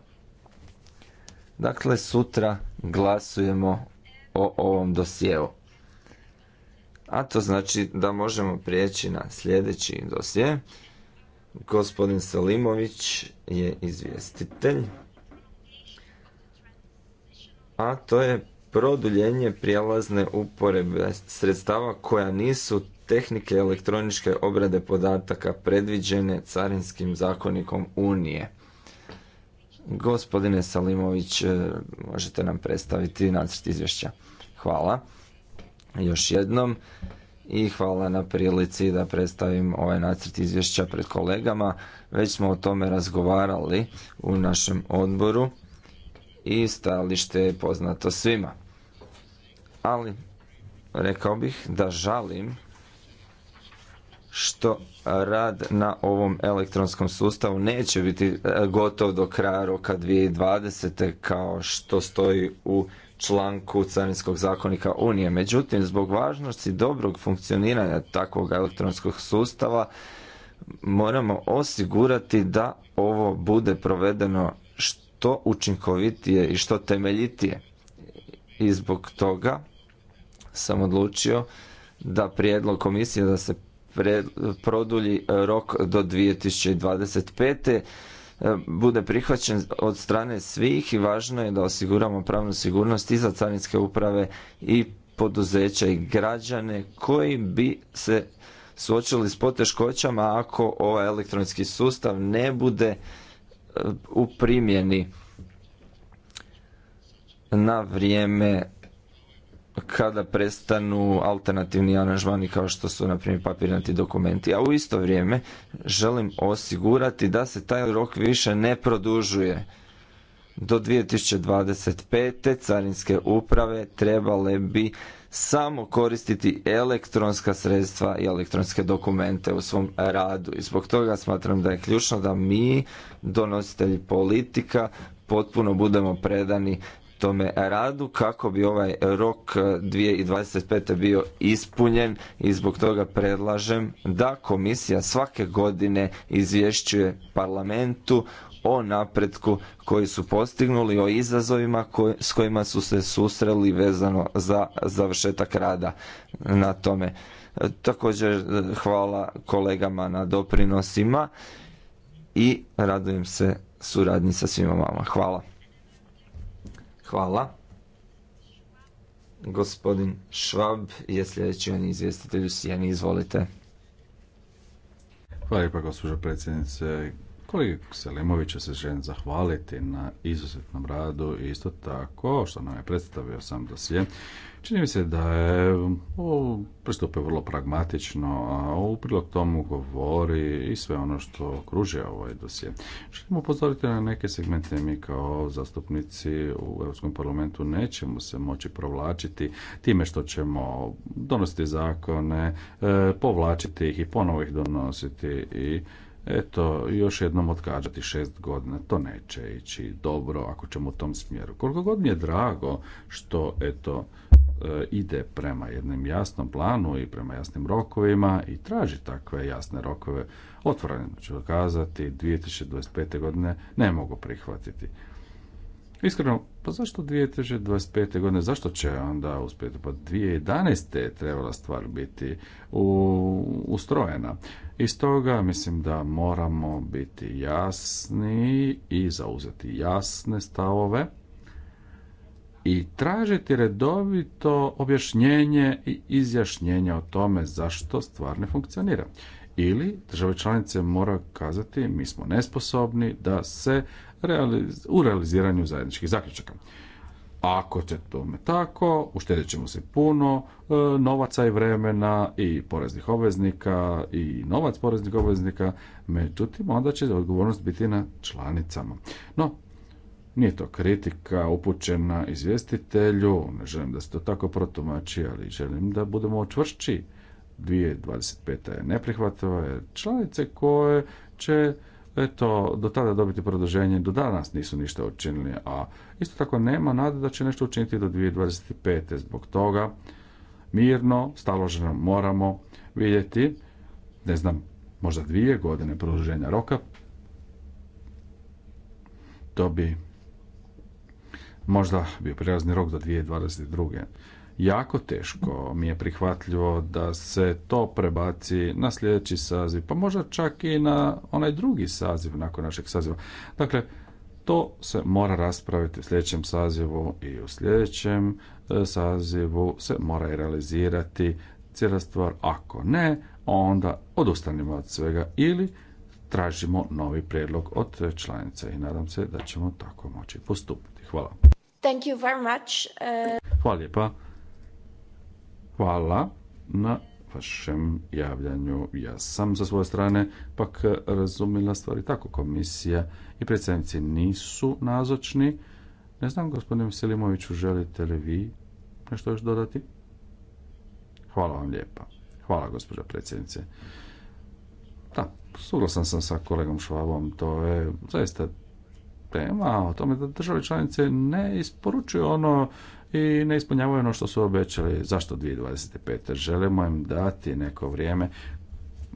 Dakle, sutra glasujemo o ovom dosjeu. A to znači da možemo prijeći na sljedeći dosje. Gospodin Salimović je izvjestitelj. A to je produljenje prijelazne uporebe sredstava koja nisu tehnike elektroničke obrade podataka predviđene carinskim zakonikom Unije. Gospodine Salimović, možete nam predstaviti nacrt izvješća. Hvala još jednom i hvala na prilici da predstavim ovaj nacrt izvješća pred kolegama. Već smo o tome razgovarali u našem odboru i stajalište je poznato svima. Ali rekao bih da žalim što rad na ovom elektronskom sustavu neće biti e, gotov do kraja roka 2020. kao što stoji u članku Carinskog zakonika Unije. Međutim, zbog važnosti dobrog funkcioniranja takvog elektronskog sustava moramo osigurati da ovo bude provedeno što učinkovitije i što temeljitije. I zbog toga sam odlučio da prijedlog komisije da se produlji rok do 2025 E, bude prihvaćen od strane svih i važno je da osiguramo pravnu sigurnost i za carinske uprave i poduzeća i građane koji bi se suočili s poteškoćama ako ovaj elektronski sustav ne bude e, u primjeni na vrijeme kada prestanu alternativni aranžmani kao što su na primjer papirnati dokumenti, a u isto vrijeme želim osigurati da se taj rok više ne produžuje. Do 2025. carinske uprave trebale bi samo koristiti elektronska sredstva i elektronske dokumente u svom radu. I zbog toga smatram da je ključno da mi, donositelji politika, potpuno budemo predani tome radu kako bi ovaj rok 2025. Eh, bio ispunjen i zbog toga predlažem da komisija svake godine izvješćuje parlamentu o napretku koji su postignuli, o izazovima s kojima su se susreli vezano za završetak rada na tome. Također eh, hvala kolegama na doprinosima i radujem se suradnji sa svima vama. Hvala. Hvala. Gospodin Švab je sljedeći on izvjestitelj u Sijeni. Izvolite. Hvala lijepa, gospođo predsjednice, Kolegi Selimoviću se želim zahvaliti na izuzetnom radu i isto tako što nam je predstavio sam dosje. Čini mi se da je pristupio vrlo pragmatično, a u prilog tomu govori i sve ono što kruže ovaj dosje. Želimo upozoriti na neke segmente mi kao zastupnici u Europskom parlamentu nećemo se moći provlačiti time što ćemo donositi zakone, e, povlačiti ih i ponovo ih donositi i eto, još jednom odgađati šest godina, to neće ići dobro ako ćemo u tom smjeru. Koliko god mi je drago što, eto, e, ide prema jednom jasnom planu i prema jasnim rokovima i traži takve jasne rokove, otvoreno ću kazati, 2025. godine ne mogu prihvatiti. Iskreno, pa zašto 2025. godine, zašto će onda uspjeti? Pa 2011. je trebala stvar biti u, ustrojena. I stoga mislim da moramo biti jasni i zauzeti jasne stavove i tražiti redovito objašnjenje i izjašnjenje o tome zašto stvar ne funkcionira. Ili države članice mora kazati mi smo nesposobni da se u realiziranju zajedničkih zaključaka. Ako će tome tako, uštedit ćemo se puno e, novaca i vremena i poreznih obveznika i novac poreznih obveznika, međutim onda će odgovornost biti na članicama. No, nije to kritika upućena izvjestitelju, ne želim da se to tako protumači, ali želim da budemo čvršći. 2025. je neprihvatljiva članice koje će eto, do tada dobiti produženje, do danas nisu ništa učinili, a isto tako nema nade da će nešto učiniti do 2025. Zbog toga mirno, staloženo moramo vidjeti, ne znam, možda dvije godine produženja roka, to bi možda bio prelazni rok do 2022 jako teško mi je prihvatljivo da se to prebaci na sljedeći saziv, pa možda čak i na onaj drugi saziv nakon našeg saziva. Dakle, to se mora raspraviti u sljedećem sazivu i u sljedećem e, sazivu se mora i realizirati cijela stvar. Ako ne, onda odustanimo od svega ili tražimo novi prijedlog od članice. i nadam se da ćemo tako moći postupiti. Hvala. Thank you very much. E. Hvala lijepa. Hvala na vašem javljanju. Ja sam sa svoje strane pak razumila stvari tako. Komisija i predsjednici nisu nazočni. Ne znam, gospodine Selimoviću, želite li vi nešto još dodati? Hvala vam lijepa. Hvala, gospođa predsjednice. Da, suglasan sam sa kolegom Švabom. To je zaista tema o tome da države članice ne isporučuju ono i ne ispunjavaju ono što su obećali. Zašto 2025. Želimo im dati neko vrijeme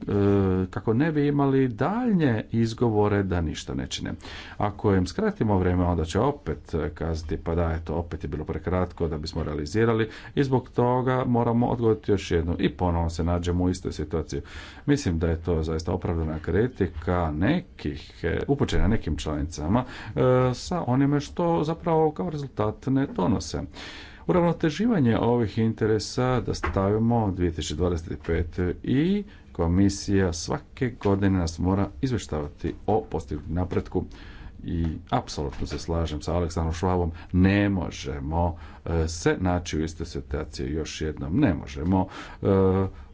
E, kako ne bi imali daljnje izgovore da ništa ne čine. Ako im skratimo vrijeme, onda će opet kazati pa da, eto, opet je bilo prekratko da bismo realizirali i zbog toga moramo odgovoriti još jednu i ponovno se nađemo u istoj situaciji. Mislim da je to zaista opravdana kritika nekih, e, upućena nekim članicama e, sa onime što zapravo kao rezultat ne donose uravnoteživanje ovih interesa da stavimo 2025. i komisija svake godine nas mora izvještavati o postignutom napretku i apsolutno se slažem sa Aleksandrom Švabom, ne možemo e, se naći u istoj situaciji još jednom, ne možemo e,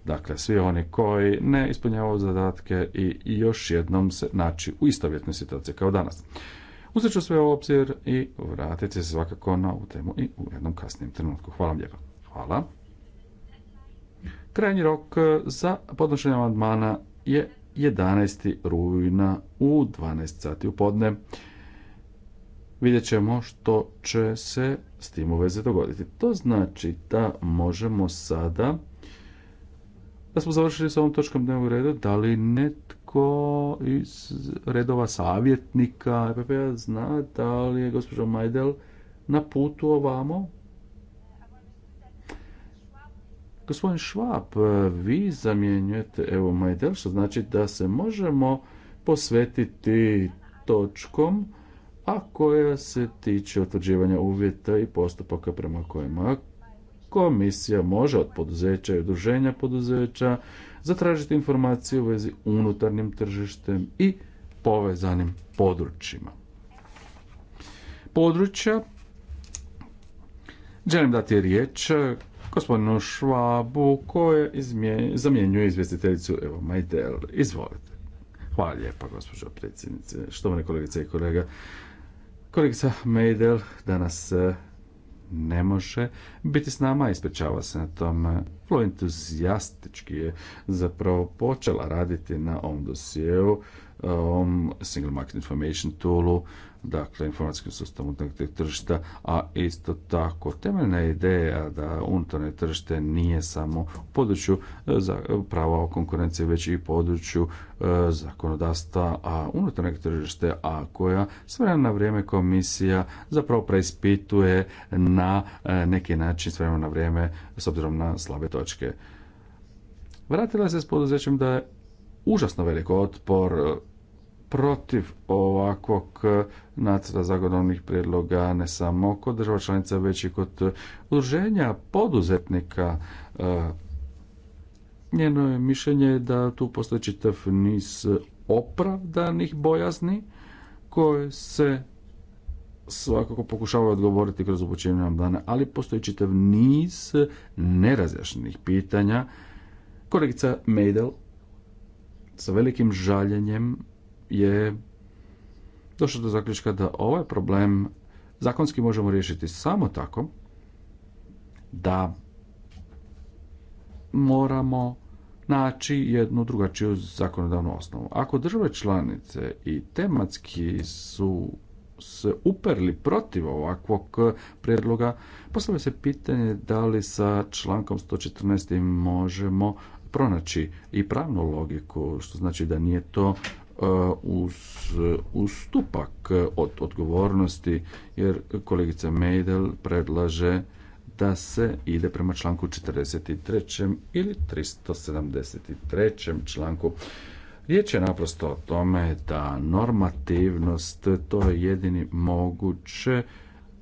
dakle svi oni koji ne ispunjavaju zadatke i još jednom se naći u istovjetnoj situaciji kao danas. Uzet ću sve u obzir i vratiti se svakako na ovu temu i u jednom kasnijem trenutku. Hvala vam lijepa. Hvala. Krajnji rok e, za podnošenje amandmana je 11. rujna u 12 sati u podne. Vidjet ćemo što će se s tim u dogoditi. To znači da možemo sada da smo završili s ovom točkom dnevnog reda. Da li netko iz redova savjetnika EPP-a zna da li je gospođa Majdel na putu ovamo? Gospodin Švab, e, vi zamjenjujete Evo Majdel, što znači da se možemo posvetiti točkom a koja se tiče utvrđivanja uvjeta i postupaka prema kojima komisija može od poduzeća i udruženja poduzeća zatražiti informacije u vezi unutarnjim tržištem i povezanim područjima. Područja Želim dati riječ gospodinu Švabu koje zamjenjuje izvjestiteljicu Evo Majdel. Izvolite. Hvala lijepa gospođo predsjednice, mene, kolegice i kolega. Kolegica Majdel danas e, ne može biti s nama, ispričava se na tom. Vrlo entuzijastički je zapravo počela raditi na ovom dossieru, ovom Single Market Information Toolu, dakle informacijskim sustavom unutarnjeg tržišta, a isto tako temeljna ideja da unutarnje tržište nije samo u području e, prava o konkurenciji, već i području e, zakonodavstva, a unutarnjeg tržište, a koja s vremena na vrijeme komisija zapravo preispituje na e, neki način s vremena na vrijeme s obzirom na slabe točke. Vratila se s poduzećem da je užasno velik otpor protiv ovakvog nacrta zagonovnih prijedloga ne samo kod država članica već i kod eh, udruženja poduzetnika eh, njeno je mišljenje da tu postoji čitav niz opravdanih bojazni koje se svakako pokušavaju odgovoriti kroz upućivanje dana, ali postoji čitav niz nerazjašnjenih pitanja. Kolegica Meidel sa velikim žaljenjem je došlo do zaključka da ovaj problem zakonski možemo riješiti samo tako da moramo naći jednu drugačiju zakonodavnu osnovu. Ako države članice i tematski su se uperli protiv ovakvog prijedloga, postavlja se pitanje da li sa člankom 114. možemo pronaći i pravnu logiku, što znači da nije to E, uz ustupak e, od odgovornosti, jer kolegica Mejdel predlaže da se ide prema članku 43. ili 373. članku. Riječ je naprosto o tome da normativnost to je jedini moguće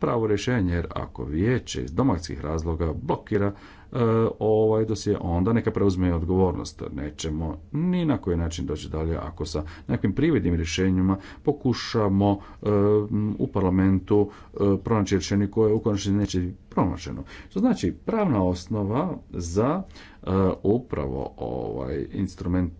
pravo rješenje, jer ako vijeće iz domaćih razloga blokira E, ovaj dosje, onda neka preuzme odgovornost. Nećemo ni na koji način doći dalje ako sa nekim prividnim rješenjima pokušamo e, u parlamentu e, pronaći rješenje koje u konačnici neće pronašeno. Što znači pravna osnova za upravo ovaj instrument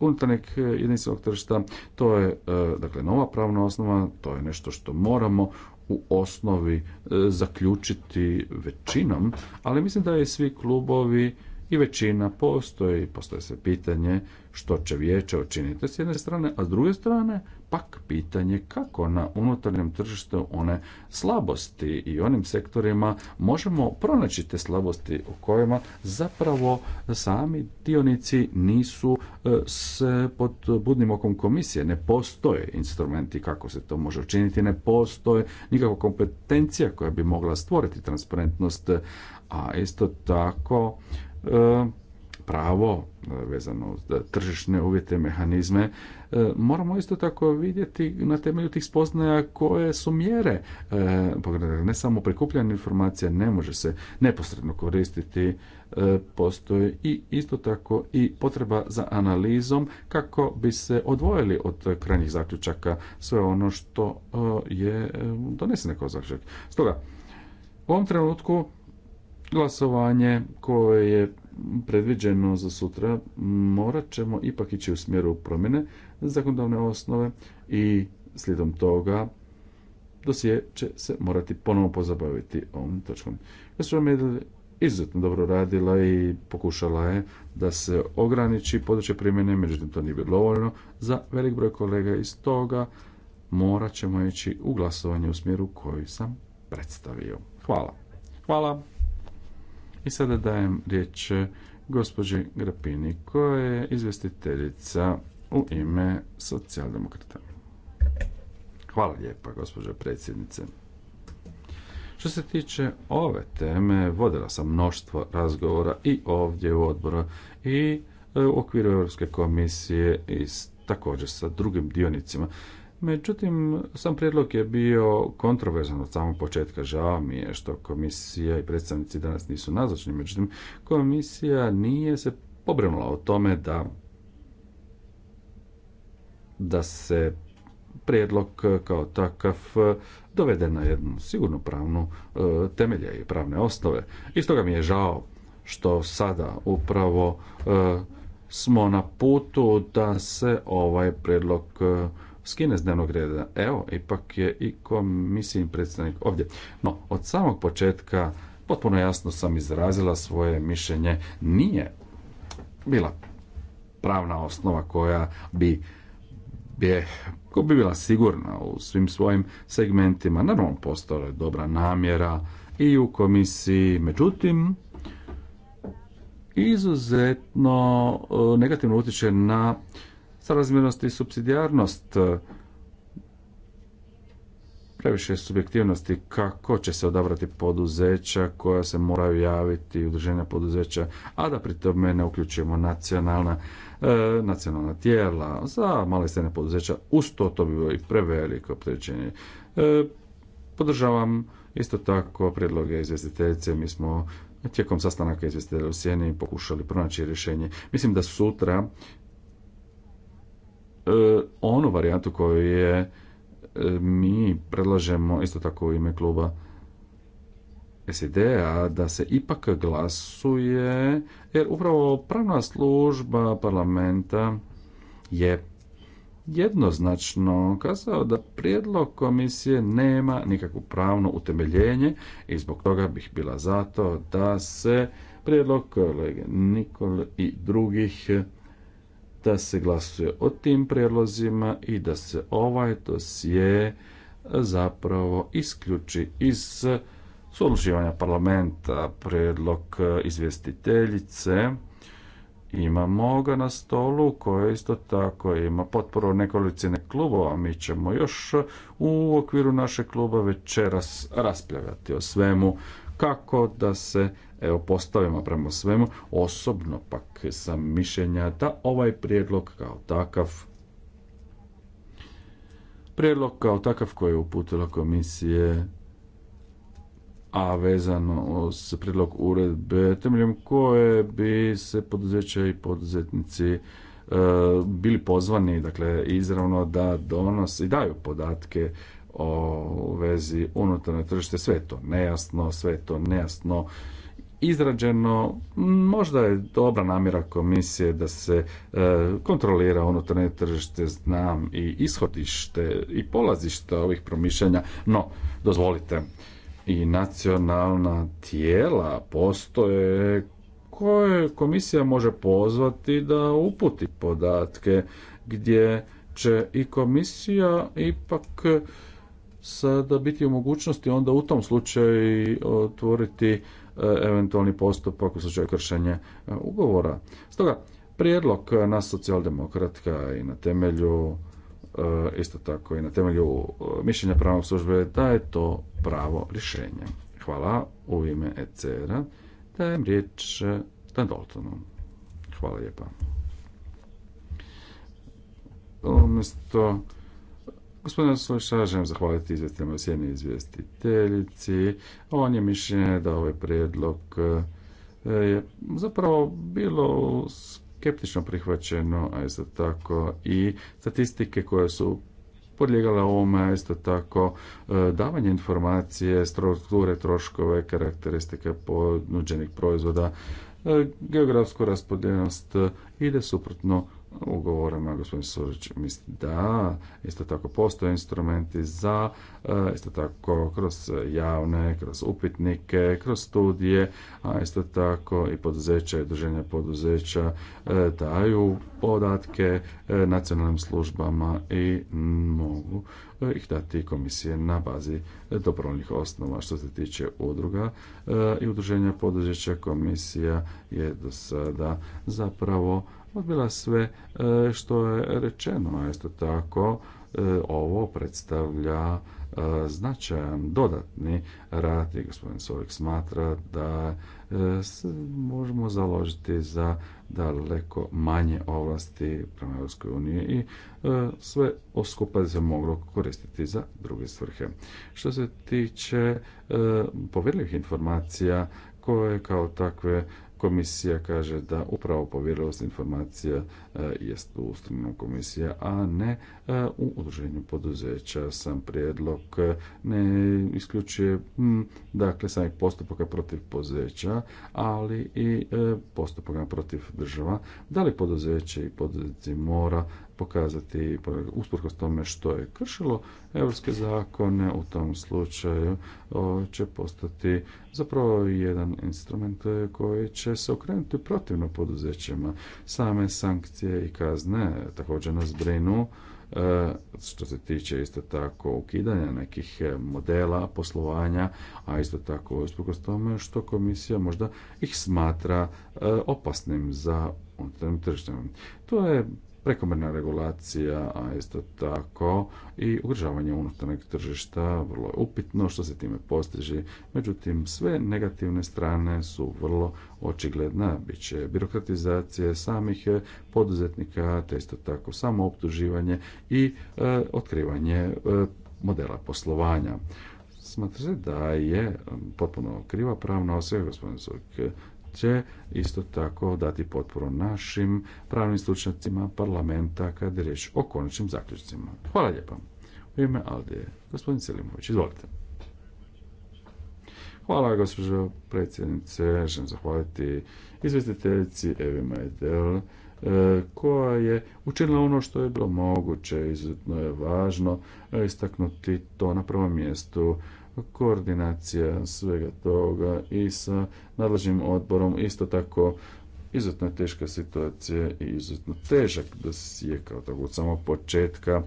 unutarnjeg jedinstvenog tržišta, to je dakle nova pravna osnova, to je nešto što moramo u osnovi e, zaključiti većinom, ali mislim da je svi klubovi i većina postoji, postoje se pitanje što će vijeće učiniti s jedne strane, a s druge strane pak pitanje kako na unutarnjem tržištu one slabosti i onim sektorima možemo pronaći te slabosti u kojima zapravo sami dionici nisu e, se pod budnim okom komisije. Ne postoje instrumenti kako se to može učiniti, ne postoje nikakva kompetencija koja bi mogla stvoriti transparentnost, a isto tako e, pravo e, vezano uz tržišne uvjete, mehanizme, e, moramo isto tako vidjeti na temelju tih spoznaja koje su mjere. E, ne samo prikupljanje informacija ne može se neposredno koristiti, postoji i isto tako i potreba za analizom kako bi se odvojili od krajnjih zaključaka sve ono što je doneseno kao zaključak. Stoga, u ovom trenutku glasovanje koje je predviđeno za sutra, morat ćemo ipak ići u smjeru promjene zakonodavne osnove i slijedom toga dosije će se morati ponovo pozabaviti ovom točkom. vam je izuzetno dobro radila i pokušala je da se ograniči područje primjene, međutim to nije bilo dovoljno za velik broj kolega iz toga morat ćemo ići u glasovanje u smjeru koji sam predstavio. Hvala. Hvala. I sada dajem riječ eh, gospođi Grapini koja je izvjestiteljica u ime socijaldemokrata. Hvala lijepa gospođo predsjednice. Što se tiče ove teme, vodila sam mnoštvo razgovora i ovdje u odboru i eh, u okviru Europske komisije i također sa drugim dionicima. Međutim, sam prijedlog je bio kontroverzan od samog početka. Žao mi je što komisija i predstavnici danas nisu nazočni. Međutim, komisija nije se pobrinula o tome da da se prijedlog kao takav dovede na jednu sigurnu pravnu e, temelje i pravne osnove. I stoga mi je žao što sada upravo e, smo na putu da se ovaj prijedlog e, skine s dnevnog reda. Evo, ipak je i komisijin predstavnik ovdje. No, od samog početka potpuno jasno sam izrazila svoje mišljenje. Nije bila pravna osnova koja bi ko bi bila sigurna u svim svojim segmentima. Naravno, postojala je dobra namjera i u komisiji. Međutim, izuzetno e, negativno utječe na Sarazmjernost i subsidijarnost e, previše subjektivnosti kako će se odabrati poduzeća koja se moraju javiti, udruženja poduzeća, a da pri tome ne uključujemo nacionalna, e, nacionalna tijela za male srednje poduzeća. Uz to to bi bilo i preveliko opterećenje. E, podržavam isto tako prijedloge izvjestiteljice. Mi smo tijekom sastanaka izvjestitelja u Sjeni pokušali pronaći rješenje. Mislim da sutra E, onu varijantu koju je e, mi predlažemo isto tako u ime kluba SID-a da se ipak glasuje, jer upravo pravna služba parlamenta je jednoznačno kazao da prijedlog komisije nema nikakvo pravno utemeljenje i zbog toga bih bila zato da se prijedlog kolege Nikol i drugih da se glasuje o tim prijedlozima i da se ovaj dosije zapravo isključi iz suodlučivanja parlamenta. predlog e, izvjestiteljice imamo ga na stolu koji isto tako ima potporu nekolicine klubova. Mi ćemo još u okviru naše kluba večeras raspravljati o svemu kako da se evo postavimo prema svemu. Osobno pak sam mišljenja da ovaj prijedlog kao takav prijedlog kao takav koji je uputila komisije a vezano s prijedlog uredbe temeljem koje bi se poduzeće i poduzetnici e, bili pozvani dakle izravno da donose i daju podatke o, u vezi unutarnje tržište, sve je to nejasno, sve je to nejasno izrađeno, možda je dobra namjera komisije da se e, kontrolira unutarnje tržište, znam i ishodište i polazište ovih promišljanja, no dozvolite, i nacionalna tijela postoje koje komisija može pozvati da uputi podatke gdje će i komisija ipak sada biti u mogućnosti onda u tom slučaju otvoriti e, eventualni postupak u slučaju kršenja e, ugovora. Stoga, prijedlog na socijaldemokratka i na temelju e, isto tako i na temelju mišljenja pravnog službe da je to pravo rješenje. Hvala u ime ECR-a. Dajem riječ Dan Daltonu. Hvala lijepa. Umjesto Gospodin Sluša, želim zahvaliti izvjestiteljima u sjeni izvjestiteljici. On je mišljenje da ovaj prijedlog e, je zapravo bilo skeptično prihvaćeno, a isto tako i statistike koje su podlijegala ovome, isto tako e, davanje informacije, strukture, troškove, karakteristike ponuđenih proizvoda, e, geografsku raspodijeljenost ide suprotno ugovorima, gospodin Surić, mislim da, isto tako postoje instrumenti za, e, isto tako kroz javne, kroz upitnike, kroz studije, a isto tako i poduzeća i druženja poduzeća e, daju podatke e, nacionalnim službama i mogu ih dati komisije na bazi dobrovoljnih osnova. Što se tiče udruga i udruženja poduzeća, komisija je do sada zapravo odbila sve e, što je rečeno, a isto tako e, ovo predstavlja e, značajan dodatni rad i gospodin Sovjek smatra da se možemo založiti za daleko manje ovlasti prema Europskoj i sve oskupa se moglo koristiti za druge svrhe. Što se tiče povjerljivih informacija koje kao takve komisija kaže da upravo povjerljivost informacija e, jest u ustavnom komisija, a ne e, u udruženju poduzeća. Sam prijedlog e, ne isključuje dakle samih postupaka protiv poduzeća, ali i postupaka protiv država. Da li poduzeće i poduzeci mora pokazati usprkos tome što je kršilo europske zakone u tom slučaju će postati zapravo jedan instrument e, koji će se okrenuti protivno poduzećima. Same sankcije i kazne također nas brinu e, što se tiče isto tako ukidanja nekih e, modela poslovanja, a isto tako usprkos tome što komisija možda ih smatra opasnim za unutarnjim tržištem. To je prekomerna regulacija, a isto tako i ugržavanje unutarnjeg tržišta vrlo je upitno što se time postiže. Međutim, sve negativne strane su vrlo očigledna. će birokratizacije samih poduzetnika, te isto tako samo optuživanje i e, otkrivanje e, modela poslovanja. Smatra se da je potpuno kriva pravna osoba gospodin će isto tako dati potporu našim pravnim stručnjacima parlamenta kada je riječ o konačnim zaključcima. Hvala lijepa. U ime Alde, gospodin Selimović, izvolite. Hvala, gospođo predsjednice. Želim zahvaliti izvjestiteljici Evi Majdel, e, koja je učinila ono što je bilo moguće. Izuzetno je važno e, istaknuti to na prvom mjestu koordinacija svega toga i sa nadležnim odborom isto tako izuzetno teška situacija i izuzetno težak da je kao tako od samog početka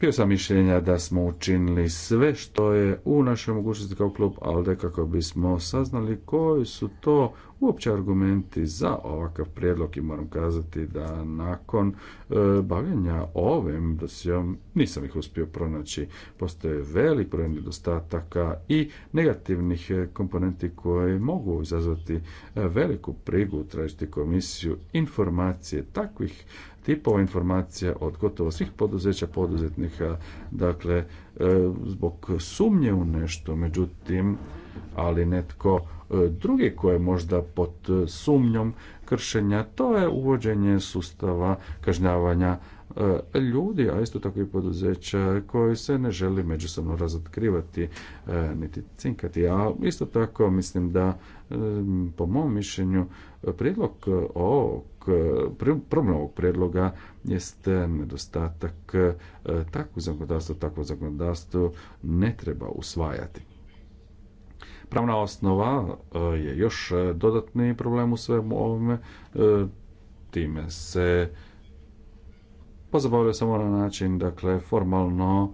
bio sam mišljenja da smo učinili sve što je u našoj mogućnosti kao klub da kako bismo saznali koji su to uopće argumenti za ovakav prijedlog i moram kazati da nakon e, bavljenja ovim dosijom nisam ih uspio pronaći. Postoje velik broj nedostataka i negativnih e, komponenti koje mogu izazvati e, veliku prigu tražiti komisiju informacije takvih tipova informacija od gotovo svih poduzeća, poduzetnika, dakle, zbog sumnje u nešto, međutim, ali netko e, drugi koji je možda pod e, sumnjom kršenja, to je uvođenje sustava kažnjavanja e, ljudi, a isto tako i poduzeća koji se ne želi međusobno razotkrivati niti cinkati. A isto tako mislim da po mom mišljenju prijedlog ovog problem ovog predloga jest nedostatak takvog zakonodavstva, takvo zakonodavstvo ne treba usvajati. Pravna osnova e, je još e, dodatni problem u svemu ovome. E, time se pozabavljaju samo na način, dakle, formalno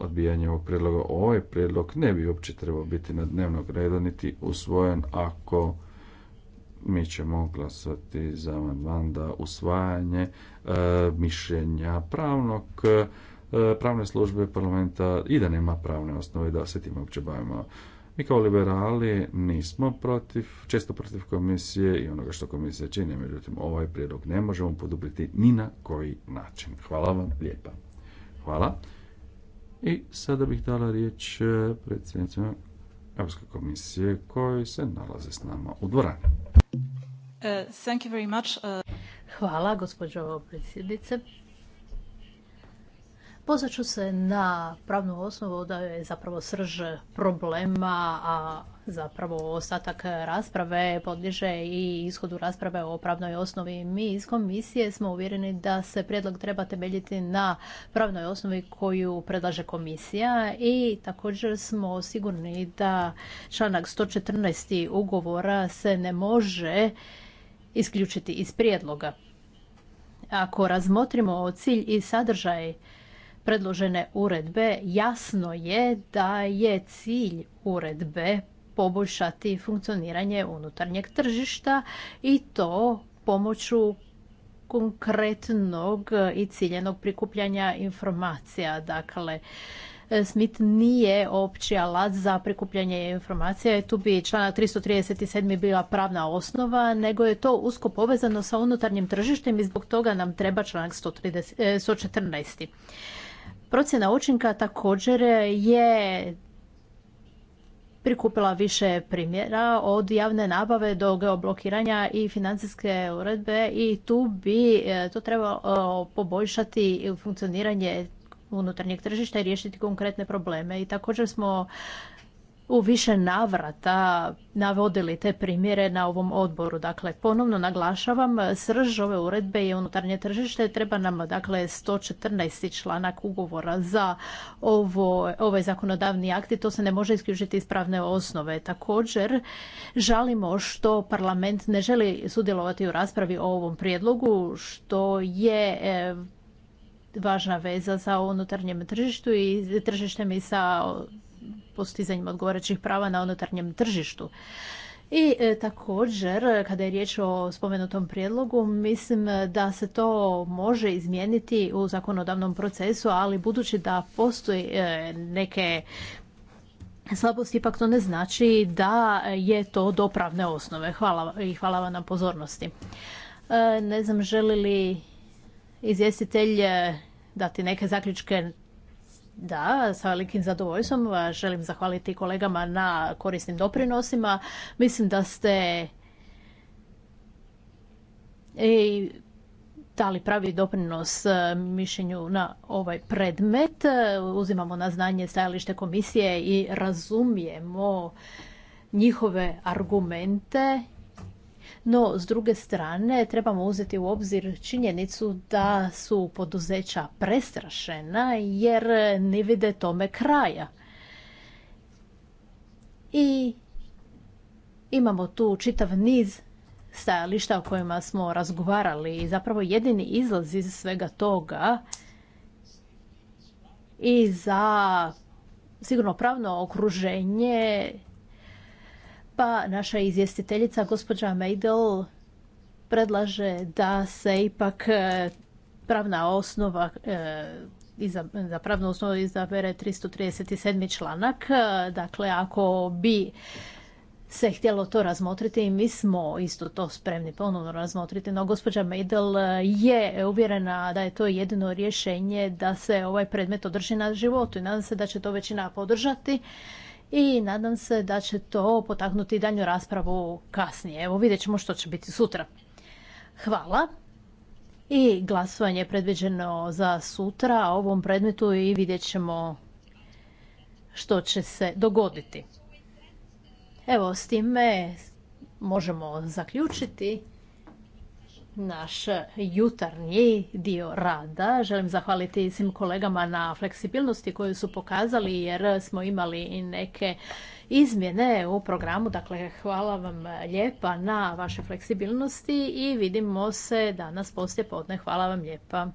odbijanje ovog prijedloga. Ovaj prijedlog ne bi uopće trebao biti na dnevnog reda niti usvojen ako mi ćemo glasati za amandman da usvajanje mišljenja pravnog pravne službe parlamenta i da nema pravne osnove da se tim uopće bavimo. Mi kao liberali nismo protiv, često protiv komisije i onoga što komisija čini, međutim ovaj prijedlog ne možemo podupriti ni na koji način. Hvala vam lijepa. Hvala. I sada bih dala riječ e, predsjednicima Europske komisije koji se nalaze s nama u dvorani. E, e. Hvala, gospođo predsjednice. Pozvat ću se na pravnu osnovu da je zapravo srž problema, a zapravo ostatak rasprave podliže i ishodu rasprave o pravnoj osnovi. Mi iz komisije smo uvjereni da se prijedlog treba temeljiti na pravnoj osnovi koju predlaže komisija i također smo sigurni da članak 114. ugovora se ne može isključiti iz prijedloga. Ako razmotrimo cilj i sadržaj predložene uredbe jasno je da je cilj uredbe poboljšati funkcioniranje unutarnjeg tržišta i to pomoću konkretnog i ciljenog prikupljanja informacija. Dakle, smit nije opći alat za prikupljanje informacija tu bi članak 337. bila pravna osnova, nego je to usko povezano sa unutarnjim tržištem i zbog toga nam treba članak 114. Procjena učinka također je prikupila više primjera od javne nabave do geoblokiranja i financijske uredbe i tu bi e, to trebalo e, poboljšati funkcioniranje unutarnjeg tržišta i riješiti konkretne probleme. I također smo u više navrata navodili te primjere na ovom odboru. Dakle, ponovno naglašavam, srž ove uredbe je unutarnje tržište. Treba nam, dakle, 114. članak ugovora za ovaj zakonodavni akt i to se ne može isključiti iz pravne osnove. Također, žalimo što parlament ne želi sudjelovati u raspravi o ovom prijedlogu, što je e, važna veza sa unutarnjem tržištu i tržištem i sa postizanjem odgovarajućih prava na unutarnjem tržištu. I e, također, kada je riječ o spomenutom prijedlogu, mislim da se to može izmijeniti u zakonodavnom procesu, ali budući da postoji e, neke slabosti, ipak to ne znači da je to do pravne osnove. Hvala i hvala vam na pozornosti. E, ne znam, želi li izvjestitelj dati neke zaključke da, sa velikim zadovoljstvom želim zahvaliti kolegama na korisnim doprinosima. Mislim da ste i e, dali pravi doprinos e, mišljenju na ovaj predmet. Uzimamo na znanje stajalište komisije i razumijemo njihove argumente no, s druge strane, trebamo uzeti u obzir činjenicu da su poduzeća prestrašena jer ne vide tome kraja. I imamo tu čitav niz stajališta o kojima smo razgovarali i zapravo jedini izlaz iz svega toga i za sigurno pravno okruženje pa naša izvjestiteljica, gospođa Meidel, predlaže da se ipak e, pravna osnova e, za pravnu osnovu izabere 337. članak. E, dakle, ako bi se htjelo to razmotriti mi smo isto to spremni ponovno razmotriti, no gospođa Meidel je uvjerena da je to jedino rješenje da se ovaj predmet održi na životu i nadam se da će to većina podržati i nadam se da će to potaknuti danju raspravu kasnije. Evo vidjet ćemo što će biti sutra. Hvala. I glasovanje je predviđeno za sutra o ovom predmetu i vidjet ćemo što će se dogoditi. Evo, s time možemo zaključiti naš jutarnji dio rada. Želim zahvaliti svim kolegama na fleksibilnosti koju su pokazali jer smo imali i neke izmjene u programu. Dakle, hvala vam lijepa na vašoj fleksibilnosti i vidimo se danas poslije podne. Hvala vam lijepa.